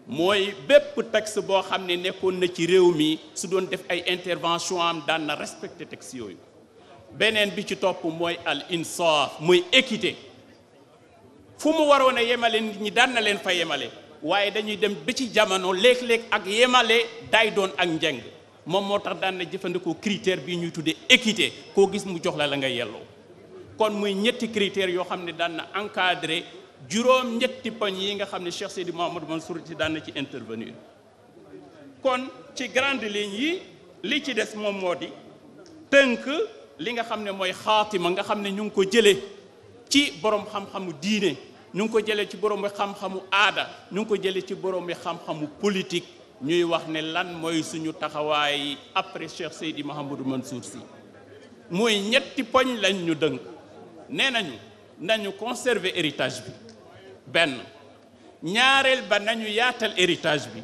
mooy bépp texte boo xam ne nekkoon na ci réew mi su doon def ay intervention am daan na respecté texte yooyu beneen bi ci topp mooy al insaaf mooy équité fu mu waroon a yemale nit ñi daan na leen fa yemale waaye dañuy dem ba ci jamono léeg-léeg ak yemale day doon ak njëng moom moo tax daan na jëfandikoo critère bi ñuy tuddee équité koo gis mu jox la la nga yelloo kon muy ñetti critères yoo xam ne daan na encadré juróom ñetti poñ yi nga xam ne Cheikh Seydi Mouhamadou Mansour Sy daan na ci intervenir kon ci grande ligne yi li ci des moom moo di tënk li nga xam ne mooy xaatima nga xam ne ñu ngi ko jëlee ci borom xam-xamu diine ñu ngi ko jëlee ci borom xam-xamu aada ñu ngi ko jëlee ci borom xam-xamu politique ñuy wax ne lan mooy suñu taxawaay après Cheikh Seydi Mouhamadou Mansour Sy mooy ñetti poñ lañ ñu dënk. nee nañu nañu conserver héritage bi benn ñaareel ba nañu yaatal héritage bi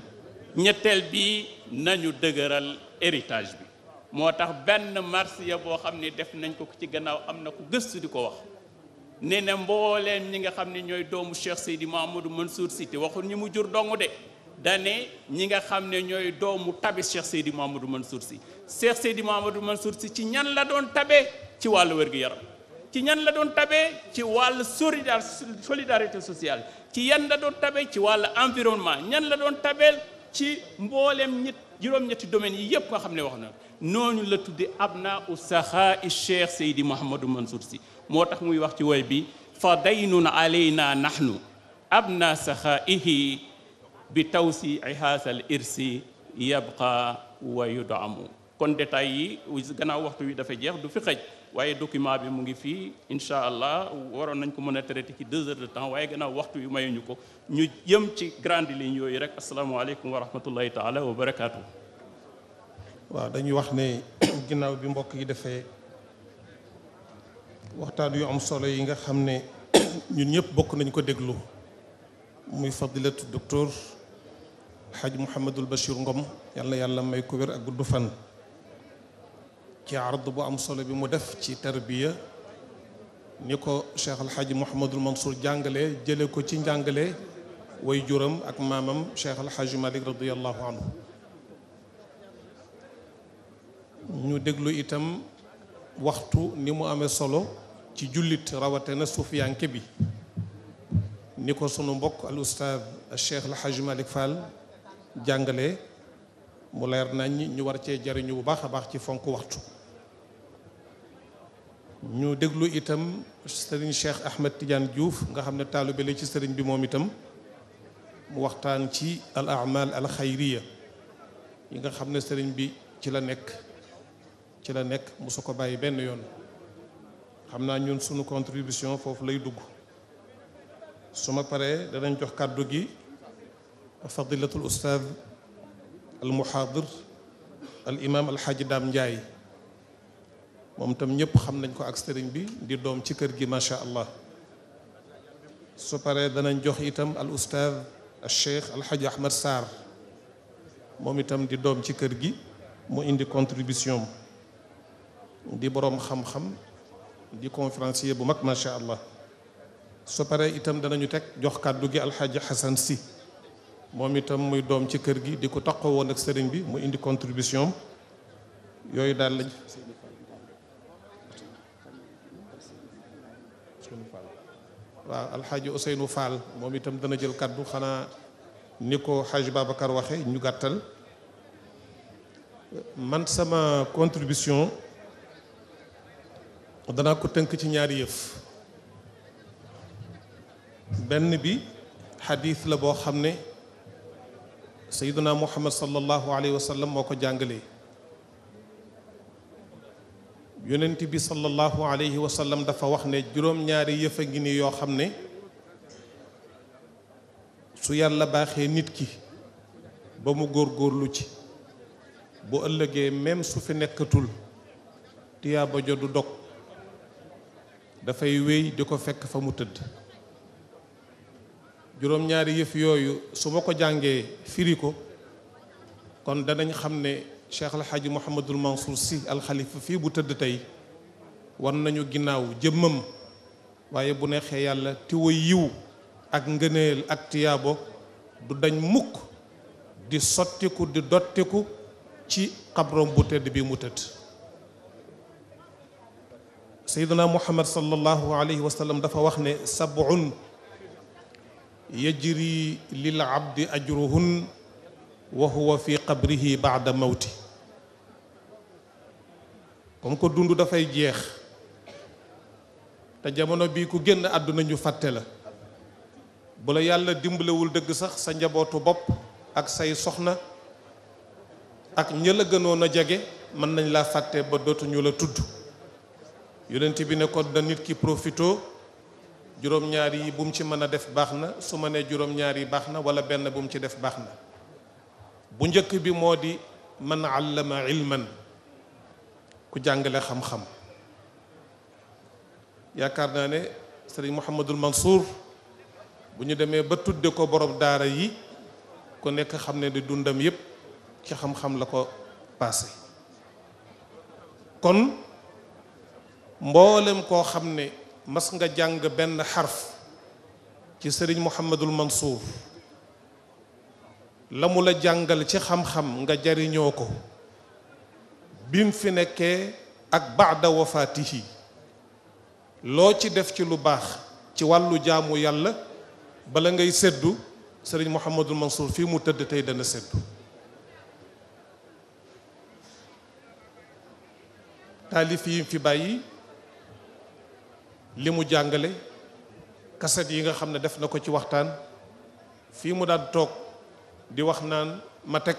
ñetteel bi nañu dëgëral héritage bi moo tax benn marsiya boo xam ne def nañ ko ci gannaaw am na ku gëstu di ko wax ne ne mbooleem ñi nga xam ne ñooy doomu Cheikh Seydi Mahamadou Mansour Sy te waxul ñi mu jur dong de dane ñi nga xam ne ñooy doomu tabe Cheikh Seydi Mahamadou Mansour Sy Cheikh Seydi Mahamadou Mansour Sy ci ñan la doon tabe ci wàllu wér-gu-yaram ci ñan la doon tabee ci wàll solidarité sociale ci yan la doon tabee ci wàll environnement ñan la doon tabeel ci mboolem ñett juróom-ñetti domaines yi yëpp nga xam ne wax na noonu la tudde abna u saha i cheikh seydi mouhamadou mansour si moo tax muy wax ci woy bi fa daynun alayna nahnu abna saha ihi bi tawsi ihaasal irsi yabqa wa yudamu kon détails yi gannaaw waxtu wi dafa jeex du fi xëj waaye document bi mu ngi fii incha allah waroon nañ ko mën a traité ci deux heures de temps waaye gannaaw waxtu yu mayuñu ko ñu jëm ci grande ligne yooyu rek asalaamaaleykum wa rahmatullahi taala wa barakaatu. waaw dañuy wax ne ginnaaw bi mbokk yi defee waxtaan yu am solo yi nga xam ne ñun ñëpp bokk nañ ko déglu muy fadilatu docteur Hadj Mouhamadul Bachir Ngom yàlla yàlla may ko ak gudd fan. ci ard bu am solo bi mu def ci tarbiya ni ko cheikh alxaaji mouhamadul mansour jàngale jële ko ci njàngale way juram ak maamam cheikh alxaaji malik radiallahu anhu ñu déglu itam waxtu ni amee solo ci jullit rawatina suufiyanke bi ni ko sunu mbokk al ustaad cheikh alxaaji malik fall jàngale mu leer nañ ñu war cee jariñu bu baax a baax ci fonk waxtu ñu déglu itam sëriñ Cheikh Ahmed Tidiane juuf nga xam ne taalibe la ci sëriñ bi moom itam mu waxtaan ci al amal al xayriya yi nga xam ne sëriñ bi ci la nekk ci la nekk mosu ko bàyyi benn yoon xam naa ñun sunu contribution foofu lay dugg su ma paree danañ jox kàddu gi fadilatul ustaad al muhaadir al imaam al xaaji daam Ndiaye moom tam ñëpp xam nañ ko ak sëriñ bi di doom ci kër gi macha allah su paree danañ jox itam al ustaaz al cheikh alxaji ahmad sarr moom itam di doom ci kër gi mu indi contribution di boroom xam-xam di conférencier bu mag macha allah su paree itam danañu teg jox kàddu gi alxaji xasan si moom itam muy doom ci kër gi di ko taqoo woon ak sëriñ bi mu indi contribution yooyu daal lañ waaw alxaaji Ousseynou Fall moom itam dana jël kàddu xanaa ni ko xaaj Babacar waxe ñu gàttal man sama contribution dana ko tënk ci ñaar yëf benn bi xadiis la boo xam ne sayyiduna muhammad sallallahu alayhi wa sallam moo ko jàngalee yonent bi sallallahu alayhi wa sallam dafa wax ne juróom-ñaari yëf a ngi ni yoo xam ne su yàlla baaxee nit ki ba mu góor góorlu ci bu ëllëgee même su fi nekkatul tiyaaba jot du dog dafay wéy di ko fekk fa mu tëdd juróom-ñaari yëf yooyu su ma ko jàngee fiiri ko kon danañ xam ne cheikh alxaaji mouhamadul mansour si alxalifa fii bu tëdd tey war nañu ginnaaw jëmmam waaye bu neexee yàlla tiwa yiw ak ngëneel ak tiyaabo du dañ mukk di sottiku di dottiku ci xabrom bu tëdd bi mu tëdd seydina muhammad sallallahu alayhi wa dafa wax ne sabun yajri lil abdi ajruhun wa huwa fi qabrihi baada mawti comme ko dund dafay jeex te jamono bii ku génn àdduna ñu fàtte la bu la yàlla dimbalewul dëgg sax sa njabootu bopp ak say soxna ak ña gënoon a jege mën nañ laa fàtte ba dootuñu la tudd yonent bi ne kon na nit ki profito juróom-ñaar yi bu mu ci mën a def baax na su ma nee juróom-ñaar yi baax na wala benn bu mu ci def baax na bu njëkk bi moo di man allama ilman ku jàngale xam-xam yaakaar naa ne sëriñ Mouhamadul Mansour bu ñu demee ba tudde ko boroom daara yi ku nekk xam ne di dundam yépp ci xam-xam la ko passé kon mboolem koo xam ne mas nga jàng benn xarf ci sëriñ Mouhamadul Mansour la mu la jàngal ci xam-xam nga jariñoo ko bi mu fi nekkee ak baada wafaatihi loo ci def ci lu baax ci wàllu jaamu yàlla bala ngay seddu sëriñ Mouhamadul Mansour fii mu tëdd tey dana seddu taalif yi fi bàyyi li mu jàngale kaset yi nga xam ne def na ko ci waxtaan fii mu daan toog di wax naan ma teg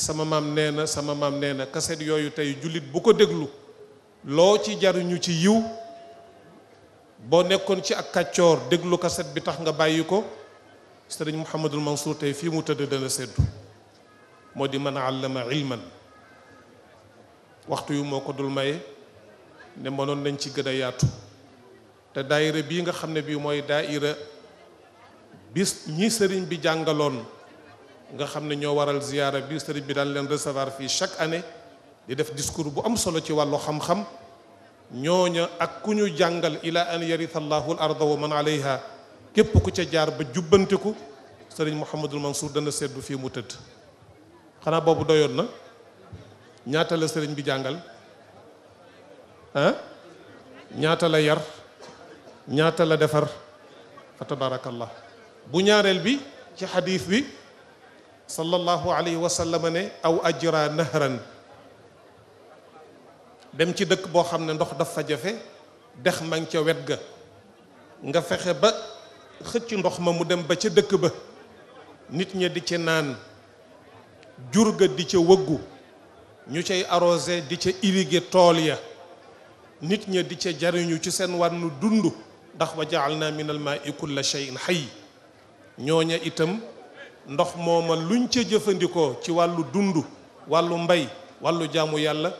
sama maam nee na sama maam nee na kaset yooyu tey jullit bu ko déglu loo ci jariñu ci yiw boo nekkoon ci ak kàccoor déglu kaset bi tax nga bàyyi ko sëriñ Mouhamadul Mansour tey fii mu tëdd dana seddu moo di man àllama ilman waxtu yu moo ko dul maye ne mënoon nañ ci gën a yaatu te daayira bii nga xam ne bii mooy daayira bis ñi sëriñ bi jàngaloon nga xam ne ñoo waral ziyaara bi sëriñ bi daan leen recevoir fii chaque année di def discours bu am solo ci wàllu xam-xam ñooña ak ku ñu jàngal ila an yarith allahu al arda wa man alayha képp ku ca jaar ba jubbantiku sëriñ Mouhamadul Mansour dana seddu fii mu tëdd xanaa boobu doyoon na ñaata la sëriñ bi jàngal ah ñaata la yar ñaata la defar fa tabaarakallah bu ñaareel bi ci xadiis bi sallallahu alayhi wa sallam ne aw ajra nahran dem ci dëkk boo xam ne ndox daf fa jafe dex ma ca wet ga nga fexe ba xëcc ndox ma mu dem ba ca dëkk ba nit ña di ca naan jur ga di ca wëggu ñu cay arrosé di ca irrigué tool ya nit ña di ca jariñu ci seen wànnu dund ndax wa jaal na min al maa i kulla shay'in xay ñooña itam ndox mooma luñ ca jëfandikoo ci wàllu dund wàllu mbay wàllu jaamu yàlla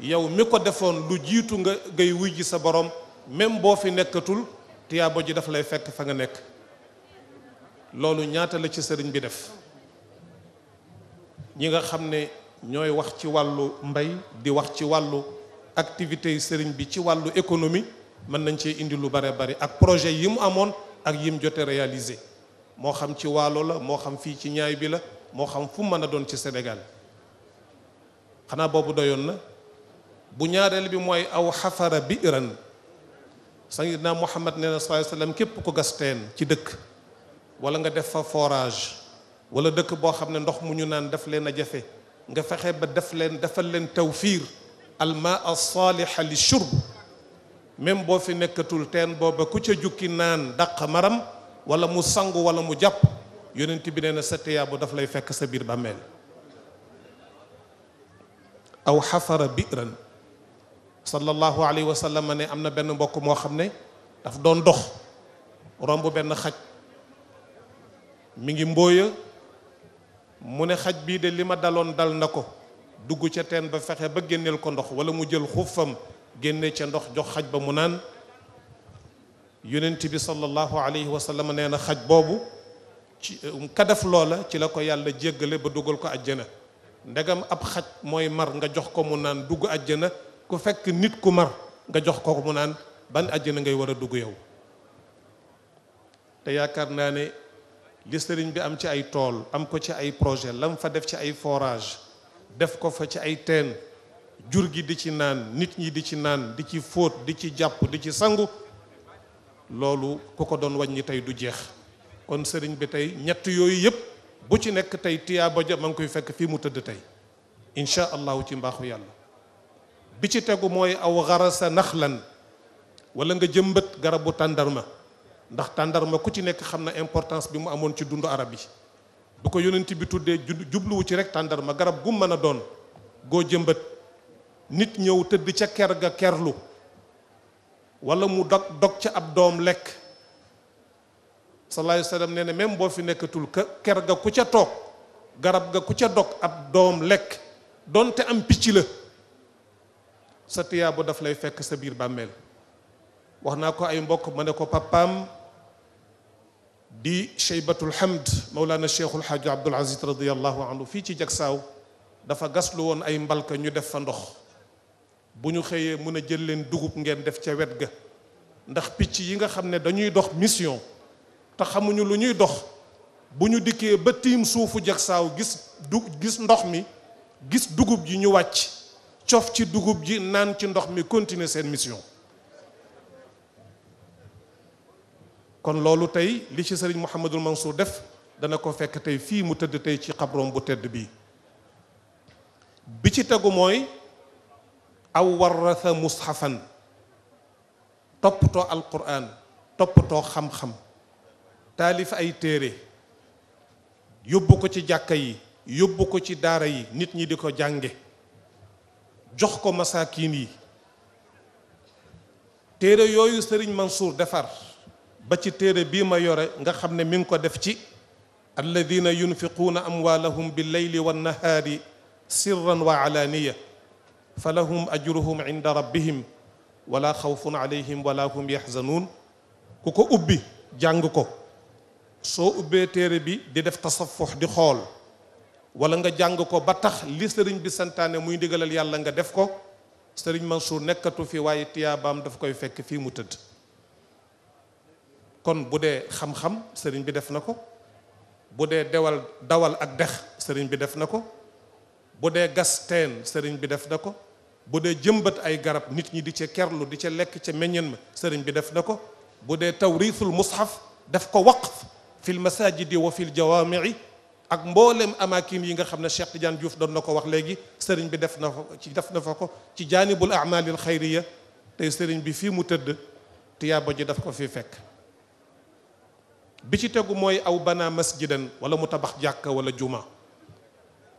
yow mi ko defoon lu jiitu nga ngay wuy sa borom même boo fi nekkatul tiyaabo ji dafa lay fekk fa nga nekk loolu ñaata la ci sëriñ bi def ñi nga xam ne ñooy wax ci wàllu mbay di wax ci wàllu activité yi sëriñ bi ci wàllu économie mën nañ cee indi lu bare bari ak projet yi mu amoon ak yim jote réalisé moo xam ci waalo la moo xam fii ci ñaay bi la moo xam fu mën a doon ci Sénégal xanaa boobu doyoon na bu ñaareel bi mooy aw xafara biiran sayyidina Muhammad naa na sallallahu alayhi wasallam képp ko gas ci dëkk wala nga def fa forage wala dëkk boo xam ne ndox mu ñu naan daf leen a jafe nga fexe ba def leen defal leen tawfiir alma as-saaliha li shurb même boo fi nekkatul teen booba ku ca jukki naan dàq maram wala mu sangu wala mu jàpp yonent bi nee na sa tiyaabu daf lay fekk sa biir bàmmeel aw xafara biran sallallahu alayhi wa sallam ne am na benn mbokk moo xam ne daf doon dox romb benn xaj mi ngi mbóoya mu ne xaj bii de li ma daloon dal na ko dugg ca teen ba fexe ba génneel ko ndox wala mu jël xuufam génne ca ndox jox xaj ba mu naan yonent bi sallallahu alayhi wa sallam nee na xaj boobu ci um, ka loola ci la ko yàlla jéggale ba dugal ko àjjana ndegam ab xaj mooy mar nga jox ko mu naan dugg àjjana ku fekk nit ku mar nga jox ko mu naan ban àjjana ngay war a dugg yow te yaakaar naa ne li sëriñ bi am ci ay tool am ko ci ay projet lam fa def ci ay forage def ko fa ci ay teen jur gi di ci naan nit ñi di ci naan di ci fóot di ci jàpp di ci sangu loolu ku ko doon wàññi tey du jeex kon sëriñ bi tey ñett yooyu yëpp bu ci nekk tey tiyaaba ja ma ngi koy fekk fii mu tëdd tey incha allahu ci mbaaxu yàlla bi ci tegu mooy aw sa nax lan wala nga jëmbat garabu tàndarma ndax tàndarma ku ci nekk xam na importance bi mu amoon ci dundu arab yi bu ko yonent bi tuddee jubluwu ci rek tàndarma garab gu mën a doon goo jëmbat nit ñëw tëdd ca ker ga kerlu wala mu dog dog ca ab doom lekk sallallahu alayhi wa sallam nee na même boo fi nekkatul ker ga ku ca toog garab ga ku ca dog ab doom lekk donte am picc la sa tiyaabo daf lay fekk sa biir bàmmeel wax naa ko ay mbokk ma ne ko papaam di Cheybatul Hamd Mawlana Cheikhul Hadj Abdoul Aziz radiyallahu anhu fii ci Jagsaaw dafa gaslu woon ay mbalka ñu def fa ndox bu ñu xëyee mun a jël leen dugub ngeen def ca wet ga ndax picc yi nga xam ne dañuy dox mission te xamuñu lu ñuy dox bu ñu dikkee ba tiim suufu jagsaaw gis du gis ndox mi gis dugub ji ñu wàcc cof ci dugub ji naan ci ndox mi continuer seen mission kon loolu tey li ci sëriñ Mouhamadul Mansour def dana ko fekk tey fii mu tëdd tey ci xabroom bu tëdd bii bi ci tegu mooy aw warrasa mushafan toppatoo alquran toppatoo xam-xam taalif ay téere yóbbu ko ci jàkk yi yóbbu ko ci daara yi nit ñi di ko jànge jox ko masaakiin yi téere yooyu sëriñ Mansour defar ba ci téere bii ma yore nga xam ne mi ngi ko def ci alladina yunfiquuna amwaalahum bi leyli wa nahaari sirran wa alaaniya falahum ajruhum inda rabbihim wala xawfun alayhim wala hum yaxzanuun ku ko ubbi jàng ko soo ubbee téere bi di def tasafux di xool wala nga jàng ko ba tax li sëriñ bi santaane muy ndigalal yàlla nga def ko sëriñ Mansour nekkatu fi waaye tiyaabaam daf koy fekk fii mu tëdd kon bu dee xam-xam sëriñ bi def na ko bu dee dewal dawal ak dex sëriñ bi def na ko bu dee gas teen sëriñ bi def na ko bu dee jëmbat ay garab nit ñi di ca kerlu di ca lekk ca meññeen ma sëriñ bi def na ko bu dee tawriithul mushaf daf ko waqf fil masajidi wa fil jawaamii ak mboolem amakim yi nga xam ne Cheikh Tidiane Diouf doon na ko wax léegi sëriñ bi def na ko ci def na fa ko ci jaanibul amalil xayriya tey sëriñ bi fii mu tëdd tiyaaba ji daf ko fi fekk bi ci tegu mooy aw banaa masjidan wala mu tabax jàkka wala juma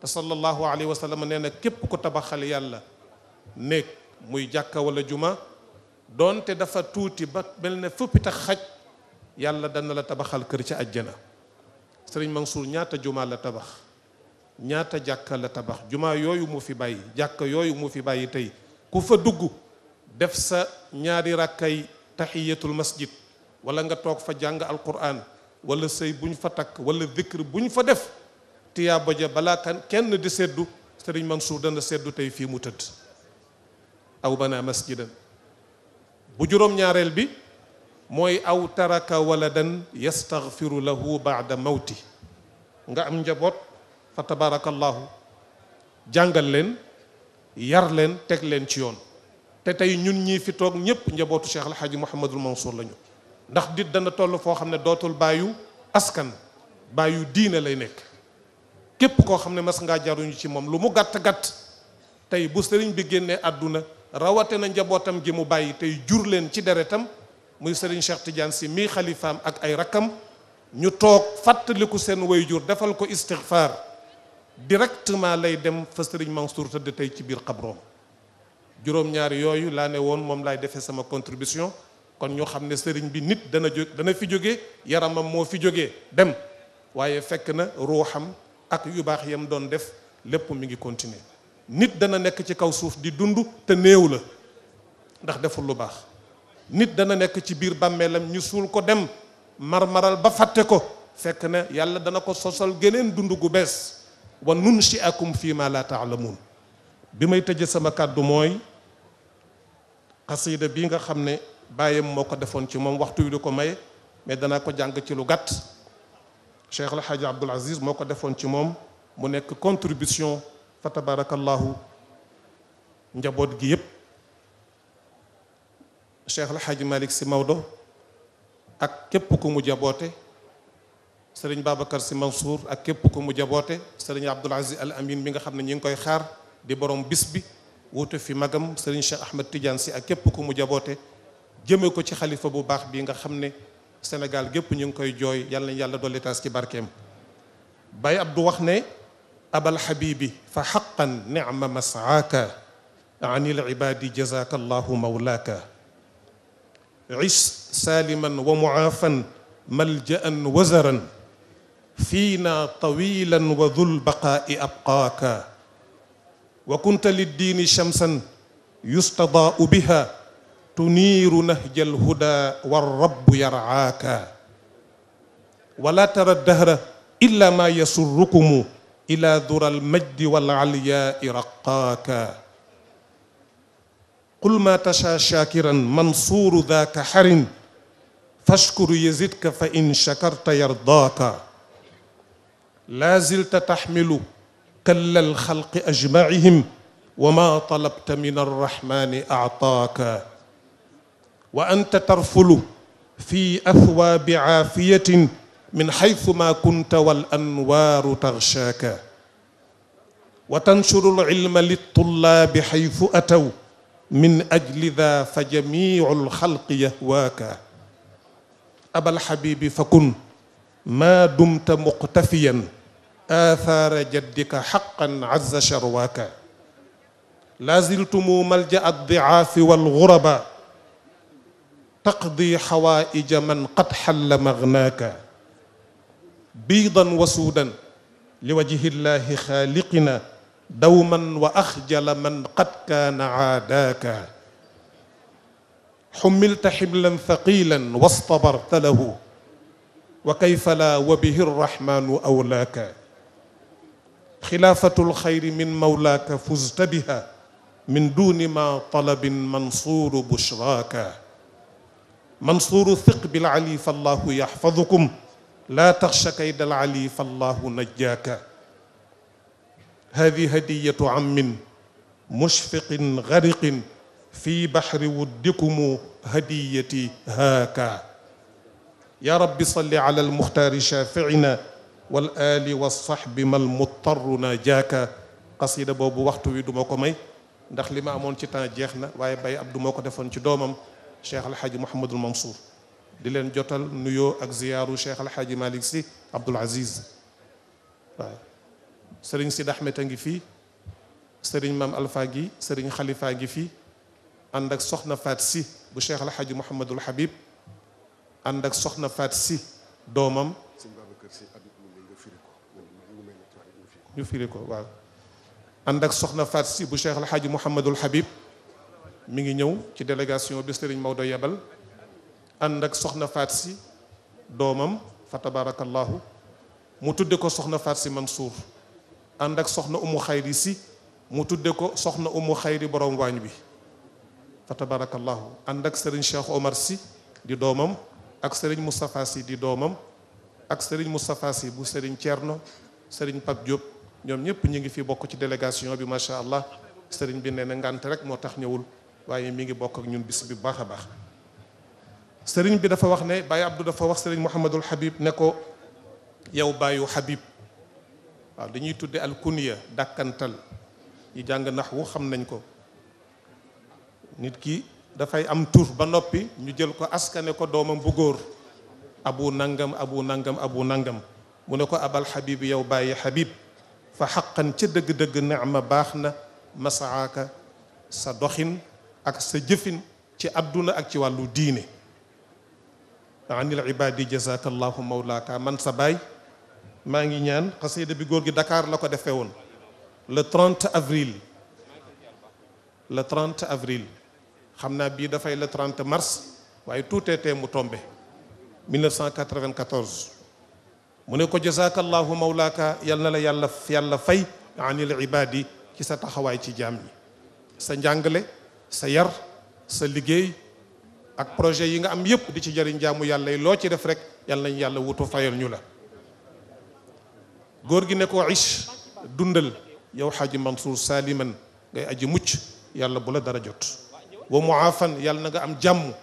te sallallahu alayhi wa sallam nee na képp ko tabaxal yàlla néeg muy jàkka wala juma doonte dafa tuuti ba mel na fuppi tax xaj yàlla dana la tabaxal kër ca àjjana sëriñ Mansour ñaata juma la tabax ñaata jàkka la tabax juma yooyu mu fi bàyyi jàkka yooyu mu fi bàyyi tey ku fa dugg def sa ñaari rakkay tahiyatul masjid wala nga toog fa jàng al alquran wala sëy buñ fa takk wala dikr buñ fa def tiyaaba ja balaa kan kenn di seddu sëriñ Mansour dana seddu tey fii mu tëdd aw bana masjidan bu juróom-ñaareel bi mooy aw taraka waladan yastaghfiru lahu baada mawti nga am njaboot fa tabarakallahu jàngal leen yar leen teg leen ci yoon te tey ñun ñii fi toog ñépp njabootu Cheikh El Hadj Mouhamadul Mansour lañu ndax dit dana toll foo xam ne dootul bàyyu askan baa yu diine lay nekk képp koo xam ne mas ngaa jaruñu ci moom lu mu gàtt-gàtt tey bu sëriñ bi génnee àdduna rawate na njabootam gi mu bàyyi tey jur leen ci deretam muy sëriñ Cheikh Tidiane si mii xalifaam ak ay rakkam ñu toog fàttaliku seen way jur defal ko istixfaar directement lay dem fa sëriñ Mansour tëdd tey ci biir xabroom juróom-ñaari yooyu laa ne woon moom laay defee sama contribution kon ñu xam ne sëriñ bi nit dana jóg dana fi jóge yaramam moo fi jóge dem waaye fekk na ruuxam ak yu baax yem doon def lépp mu ngi continuer nit dana nekk ci kaw suuf di dund te néew la ndax deful lu baax nit dana nekk ci biir bàmmeelam ñu suul ko dem marmaral ba fàtte ko fekk ne yàlla dana ko sosal geneen dund gu bees wa nunshiakum fi ma la taalamuun bi may tëje sama kàddu mooy xasida bi nga xam ne bàyyam moo ko defoon ci moom waxtu wi du ko may mais danaa ko jàng ci lu gàtt Cheikh El Hadj Abdoul Aziz moo ko defoon ci moom mu nekk contribution fa tabarakallahu njaboot gi yépp Cheikh El Hadj Malick Sy Maodo ak képp ku mu jaboote sëriñ Babacar Sy Mansour ak képp ku mu jaboote sëriñ Abdoul Aziz Al Amin bi nga xam ne ñi ngi koy xaar di borom bis bi wuute fi magam sëriñ Cheikh Ahmed Tidiane Sy ak képp ku mu jaboote jëme ko ci xalifa bu baax bi nga xam ne Sénégal gépp ñu ngi koy jooy yàlla nañ yàlla dolli taas ci barkeem Baye Abdou wax ne abal habibi fa xaqan nicma masaaka anil ibaadi jazaka allahu mawlaaka ish saliman wa muaafan maljaan wazaran fiina tawilan wa dul baqaai abqaaka wa kunta liddiini shamsan yustadaau biha tuniiru nahja alhuda warrabu yarcaaka wala tara dahra illa maa yasurukumu ila dura almajdi walcalyaai raqaaka qul maa tashaa shaakiran mansuuru daaka xarin fashkuru yazidka fa in shakarta yardaaka laa zilta taxmilu kalla alxalqi ajmacihim wa maa talabta min arraxmaani actaaka wa anta tarfulu fi athwaabi aafiyatin min xaytu ma kunta wal anwaaru taxshaaka wa tanshuru alilma liltullaabi xaytu ataw min ajli daa fa jamiicu alxalqi yahwaaka abal xabiibi fa kun maa dumta muqtafiyan aathaara jaddika xaqan azza sharwaaka laa ziltumu malja addicaafi walguraba taqdi xawaaija man qad xalla magnaaka biidan wa suudan li wajhi llahi xaaliqina dawman wa axjala man qad kaana aadaaka xumilta ximlan thaqilan wastabarta lahu wa kayfa laa wa bihi rrahmaanu awlaaka xilaafatul xayri min mawlaaka fuzta biha min duuni ma talabin mansuuru bushraaka mansuuru thiq bil ali fallahu yaxfadukum laa taxsha kayda al ali fallahu najjaaka hadi hadiyatu ammin mushfiqin gariqin fi baxri wuddikumu hadiyati haaka yaa rabbi salli ala almuxtaari shaafiina wal aali wa saxbi mal muttaru na jaaka xasida boobu waxtu wi duma ko may ndax li ma amoon ci temps jeex na waaye bay ab du moo ko defoon ci doomam cheikh alxaaji Mouhamadul Mansour di leen jotal nuyoo ak ziyaaru cheikh alxaaji Malick si Abdoul Aziz waaw sëriñ Sid Ahmet a ngi fii sëriñ maam Alpha gi sëriñ Xalifa gi fii ànd soxna Faat si bu cheikh alxaaji Mouhamadul Habib ànd soxna Faat si doomam ñu firi ko waaw ànd ak soxna Faat si bu cheikh alxaaji Mouhamadul Habib mi ngi ñëw ci délégation bi Serigne Maodo yebal ànd ak soxna faat si doomam fa tabarakallahu mu tudde ko soxna faat si Mansour ànd ak soxna umu xayri si mu tudde ko soxna umu xayri borom waañ bi fa tabarakallahu ànd ak Serigne Cheikh Omar si di doomam ak Serigne Moustapha si di doomam ak Serigne Moustapha si bu Serigne Thierno Serigne Pape Diop ñoom ñëpp ñu ngi fi bokk ci délégation bi macha allah Serigne bi nee na rek moo tax ñëwul waaye mi ngi bokk ak ñun bis bi baax a baax sëriñ bi dafa wax ne Baye Abdou dafa wax sëriñ Mouhamadul Habib ne ko yow bàyyu Habib waaw dañuy tudde alkunya dàkkantal yi jàng nax wu xam nañ ko nit ki dafay am tur ba noppi ñu jël ko askane ko doomam bu góor abu nangam abu nangam abu nangam mu ne ko abal Habib yow bàyyi Habib fa xaqan ca dëgg-dëgg neex ma baax na masaaka sa doxin ak sa jëfin ci adduna ak ci wàllu diine anil ibadi jazaka allahu mawlaaka man sa baay maa ngi ñaan xasida bi góor gi dakaar la ko defee woon le 30 avril le 30 avril xam naa bii dafay le 30 mars waaye tuutee tee mu tombe 1994 mu ne ko jazaka allahu mawlaaka yal na la yàlla yàlla fay anil ibadi ci sa taxawaay ci jaam ñi sa njàngale sa yar sa liggéey ak projet yi nga am yépp di ci jariñ jaamu yàlla yi loo ci def rek yàlla nañ yàlla wutu fayal ñu la góor gi ne ko ish dundal yow xaaji Mansour saaliman ngay aji mucc yàlla bu la dara jot wa muaafan yàlla na nga am jàmm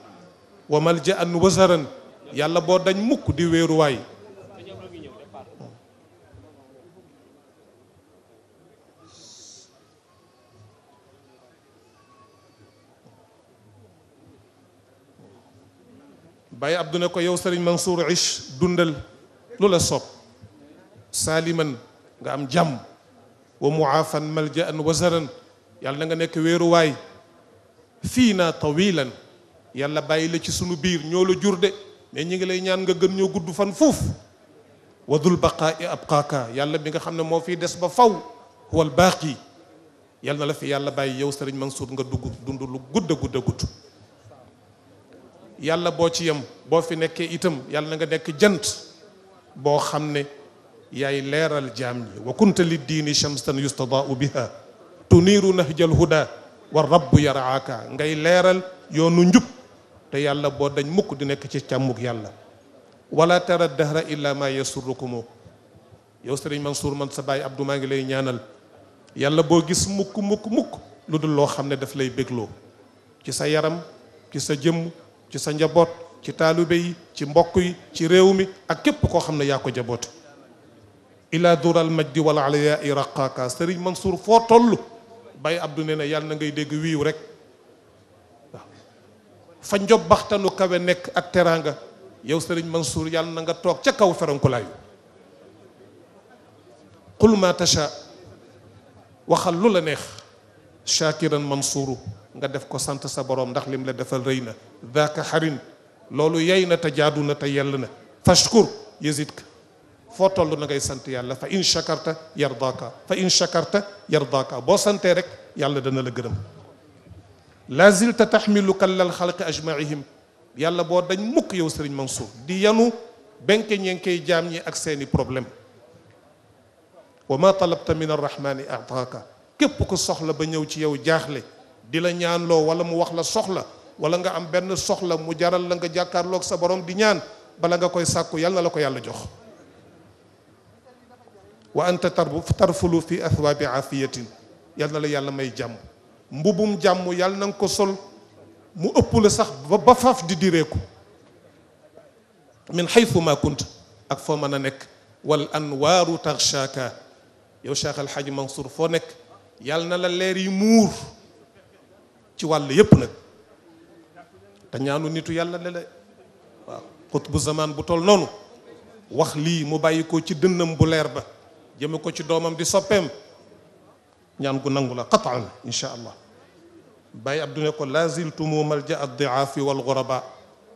wa maljaan wasaran yàlla boo dañ mukk di wéeruwaay Baye Abdou ne ko yow Serigne Mansour ich dundal lu la soob saaliman nga am jàmm wa muaafan maljaan wazaran yàlla na nga nekk wéeruwaay fii naa tawilan yàlla bàyyi la ci sunu biir ñoo la jur de mais ñi ngi lay ñaan nga gën ñoo gudd fan fuuf wadul baqaai abqaaka yàlla bi nga xam ne moo fii des ba faw wal baaqi yàlla na la fi yàlla bàyyi yow Serigne Mansour nga dugg dund lu gudd a gudd yàlla boo ci yem boo fi nekkee itam yàlla na nga nekk jant boo xam ne yaay leeral jaam ñi wa kunta li diini shamsan yustadaau biha tuniiru nahjal huda wa rabbu yaraaka ngay leeral yoonu njub te yàlla boo dañ mukk di nekk ci càmmug yàlla wala tara dahra illa ma yasurrukumu yow sëriñ suur man sa baay Abdou maa ngi lay ñaanal yàlla boo gis mukk mukk mukk lu dul loo xam ne daf lay bégloo ci sa yaram ci sa jëmm ci sa njaboot ci taalibe yi ci mbokk yi ci réew mi ak képp koo xam ne yaa ko njaboot ilaa dural majdi wala alaya i raqaaka sëriñ Mansour foo toll Baye Abdou nee na na ngay dégg wiiw rek waaw fa njob kawe nekk ak teraanga yow sëriñ Mansour yàlla na nga toog ca kaw ferankulaayu qul ma tasha waxal lu la neex shakiran Mansouru nga def ko sant sa borom ndax lim la defal rëy na daaka xarin loolu yey na te jaadu na te yell na fashkur yazidka foo toll na ngay sant yàlla fa in shakarta yardaaka fa in shakarta boo santee rek yàlla dana la gërëm la zilta taxmilu kallal xalqi ajmaihim yàlla boo dañ mukk yow sëriñ Mansour di yanu benke ñenkey jaam ñi ak seeni problème wa ma talabta min arrahmani ataaka képp ku soxla ba ñëw ci yow jaaxle di la ñaanloo wala mu wax la soxla wala nga am benn soxla mu jaral la nga jàkkaarloog sa boroom di ñaan bala nga koy sàkku yàlla na la ko yàlla jox wa anta tarfulu fi athwaabi afiyatin yàlla na la yàlla may jàmm mbubum jàmm yàlla na nga ko sol mu ëpp la sax ba faaf di direeku min xaytu ma kunt ak foo mën a nekk wal anwaaru tarshaaka yow Cheikh Alxaaji Mansour foo nekk yàlla na la leer yi muur ci wàll yépp nag te ñaanu nitu yàlla lele waaw xut bu zamaan bu toll noonu wax lii mu bàyyi ko ci dënnam bu leer ba jëme ko ci doomam di soppeem ñaan gu nangu la qataan insha allah bàyyi abdu ne ko laziltumu malja addiaafi wal guraba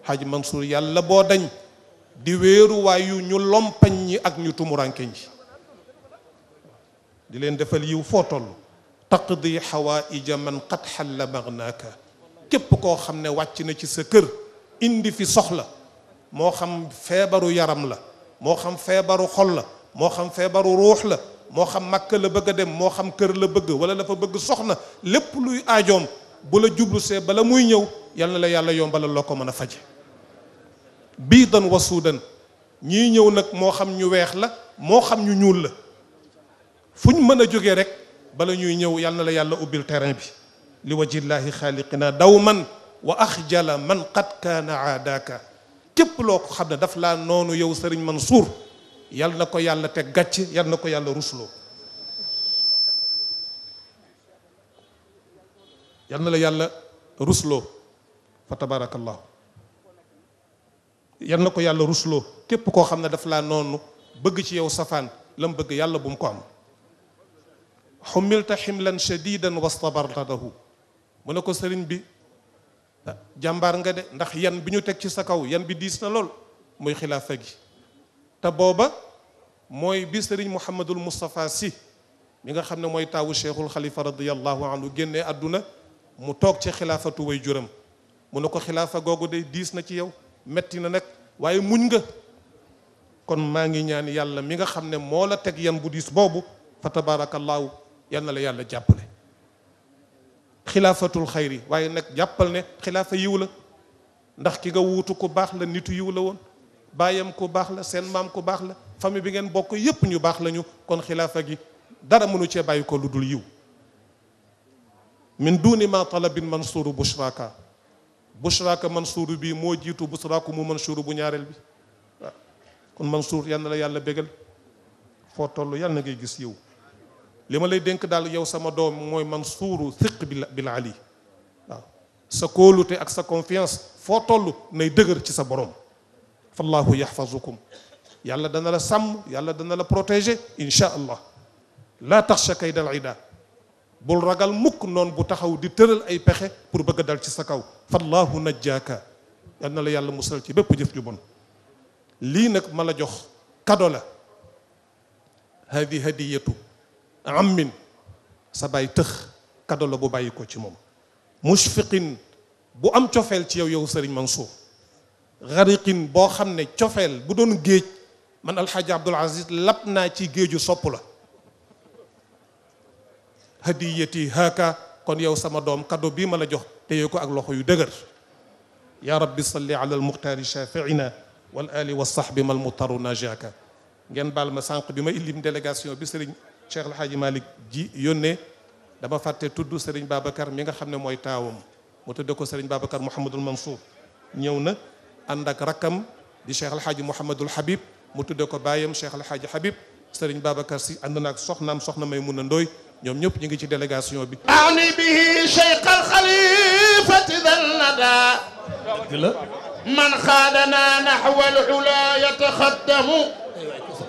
xaj mansuur yàlla boo dañ di wéeruwaayu ñu lompañ yi ak ñu tumuranke ñi di leen defal yiw foo toll taqdi xawaaija man qad xalla magnaaka képp koo xam ne wàcc na ci sa kër indi fi soxla moo xam feebaru yaram la moo xam feebaru xol la moo xam feebaru ruux la moo xam makka la bëgg a dem moo xam kër la bëgg wala la fa bëgg soxna lépp luy aajoom bu la jublu see bala muy ñëw yal na la yàlla yombalal loo ko mën a faje bii dan wasuudan ñii ñëw nag moo xam ñu weex la moo xam ñu ñuul la fu ñu mën a jógee rek bala ñuy ñëw yàlla na la yàlla ubbil terrain bi li wajillaahi xaaliqina daw man wa axjala man qad kaana aadaaka képp loo ko xam ne daf laa noonu yow sëriñ Mansour yàlla na ko yàlla teg gàcc yal na ko yàlla rusloo yal na la yàlla rusloo fa tabarakallahu na ko yàlla rusloo képp koo xam ne daf laa noonu bëgg ci yow safaan lam bëgg yàlla bu mu ko am xumilta ximlan shadidan wastabarta lahu mu ne ko sëriñ bi jàmbaar nga de ndax yan bi ñu teg ci sa kaw yan bi diis na lool muy xilaafa gi te booba mooy bi sëriñ Mouhamadul Moustapha si mi nga xam ne mooy taawu cheikhul xalifa radiallahu anhu génne àdduna mu toog ci xilaafatu way juram mu ne ko xilaafa googu de diis na ci yow metti na nag waaye muñ nga kon maa ngi ñaan yàlla mi nga xam ne moo la teg yan bu diis boobu fa tabaarakallahu yal na la yàlla jàppale xilaafatul xayri waaye nag jàppal ne xilaafa yiw la ndax ki nga wuutu ku baax la nit yiw la woon baayam ko baax la seen maam ku baax la famille bi ngeen bokk yépp ñu baax lañu kon xilaafa gi dara mënu cee bàyyi ko lu dul yiw min duni ma talabin mansuuru bushraka bushraka mansuuru bi moo jiitu busraku mu mansuuru bu ñaareel bi kon mansuur yal na la yàlla bégal foo toll yal na ngay gis yiw li ma lay dénk daal yow sama doom mooy man suuru siq bi bil ali waaw sa kóolute ak sa confiance foo toll nay dëgër ci sa borom fallahu yaxfazukum yàlla dana la sàmm yàlla dana la protégé insha allah laa taxsha kayda al ida bul ragal mukk noonu bu taxaw di tëral ay pexe pour bëgg a dal ci sa kaw fallahu najjaaka yal na la yàlla musal ci bépp jëf ju bon lii nag ma la jox kado la hadi hadiyatu am ammin sa baay tëx kado la bu bàyyi ko ci moom mushfiqin bu am cofeel ci yow yow sëriñ Mansour xariqin boo xam ne cofeel bu doon géej man alxaaji abdul aziz lap naa ci géeju sopp la hadiyati haaka kon yow sama doom kado bii ma la jox te yow ko ak loxo yu dëgër yaa rabbi salli ala almuxtaari shafiina wal ali wa sahbi mal mutaru najaaka ngeen baal ma sànq bi ma ilim délégation bi sëriñ Cheikh El Hadj Malick ji yónnee dama fàtte tudd Serigne Babacar mi nga xam ne mooy taawam mu tudde ko Serigne Babacar Mouhamadul Mansour ñëw na ànd ak rakkam di Cheikh El Hadj Mouhamadul Habib mu tudde ko baayam Cheikh El Hadj Habib Serigne Babacar si ànd na ak soxnaam soxna may mun a ndooy ñoom ñëpp ñu ngi ci délégation bi. ani bihi Cheikh al dal nada. man xaadana naxwa al ula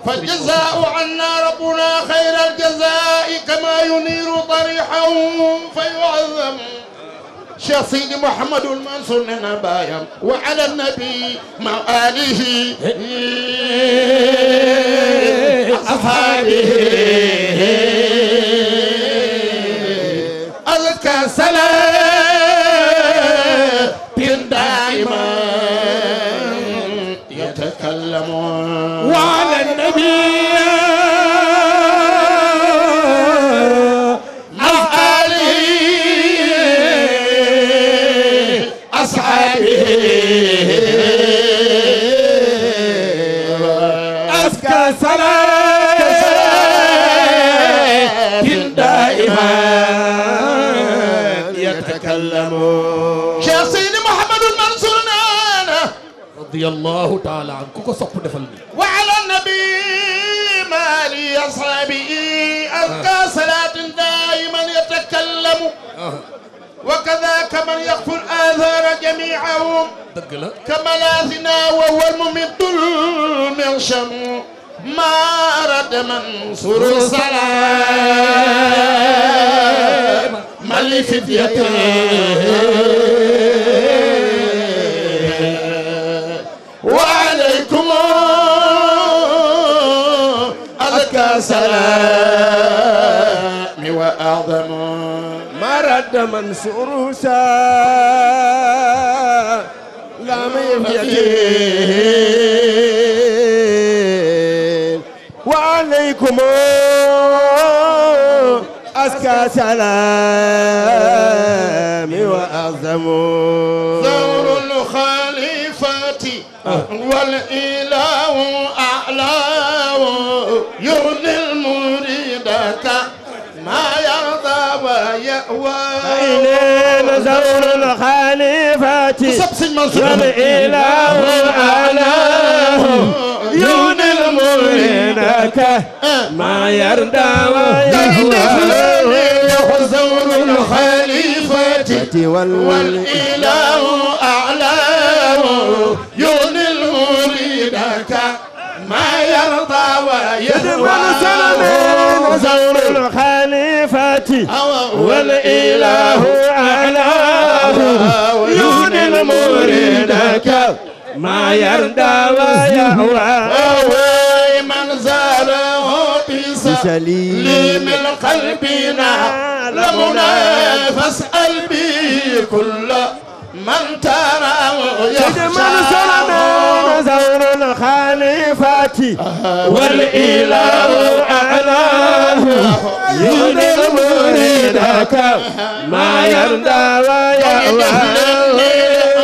فالجزاء عنا ربنا خير الجزاء كما ينير طريحه فيعظم شيخ سيدي محمد المنصور لنا بايم وعلى النبي مع آله أصحابه radiyallahu taala an ku ko sopp defal ni wa ala nabi mali ashabi alqa ah. salatin daiman yatakallamu ah. wa kadaka man yaxful athara jamiahum dëgg la kamalazina wa huwa almumidul mirsham maarad mansuru salaam mali fidyatee السلام وأعظم ما رد منصور لم يفيد وعليكم أزكى سلام وأعظم ثور الخليفة والإله أعلى يرضى يغني المريد كما يرضى ويأوى إلينا زور الخليفة والإله الأله يغني المريد كما يرضى ويأوى زور الخليفة والإله أعلاه يرضى ويدمن سلمين زور الخليفة والإله على يون المريد ما يرضى ويهوى من زاره بسليم القلب لمنا فاسأل به كل من ترى يخشى والإله أعلاه يهدي المريد ما يرضى ويأوى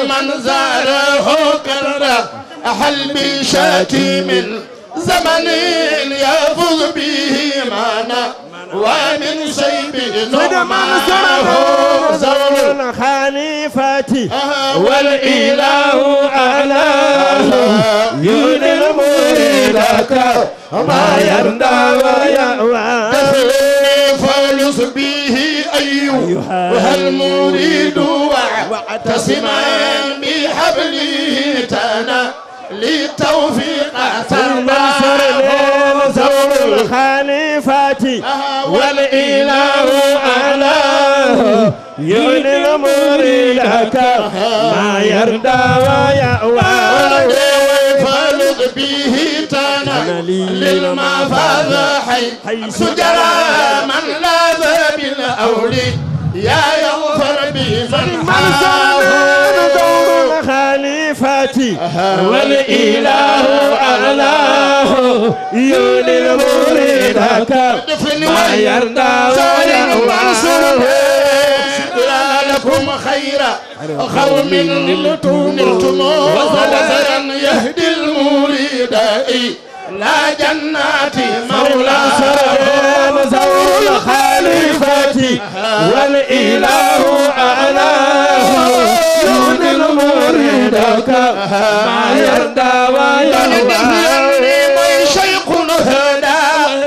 من زاره كرة أحل بشاتي من زمن يفوز به معنا ومن سيب نعمه زور خليفتي والإله أعلاه يهدي المريد لك ما يرضى ويأوى فلص به أيها المريد واعتصما بحبله تنا للتوفيق المنصر زور الخليفة والإله على يعلن المريد لك ما يرضى ويأوى فلص به كان لي لما فاز حي حيث جرى من لاذ بالأولي يا يغفر بي من حاه دور خليفتي والإله أعلاه يولي المريد هكا ما يرضى ويأواه لكم خير قوم نلتم وزرا يهدي المريد لا جنات مولى مزول خليفتي والاله اعلاه يون المريدك ما يرضى ويرضى شيخ هدى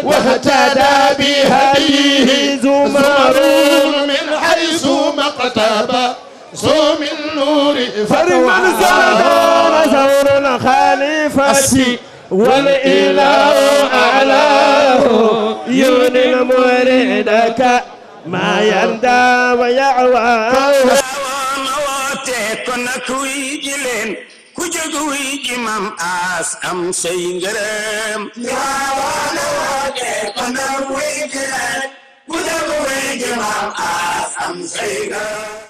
واهتدى بهديه فرمان زمان زور خليفتي والإله أعلاه يوني مردك ما يندى ويعوى كنك ويجلين كجد ويجي مام آس أم سينجرم يا وانا واجه كنك ويجلين كجد ويجي مام آس أم سينجرم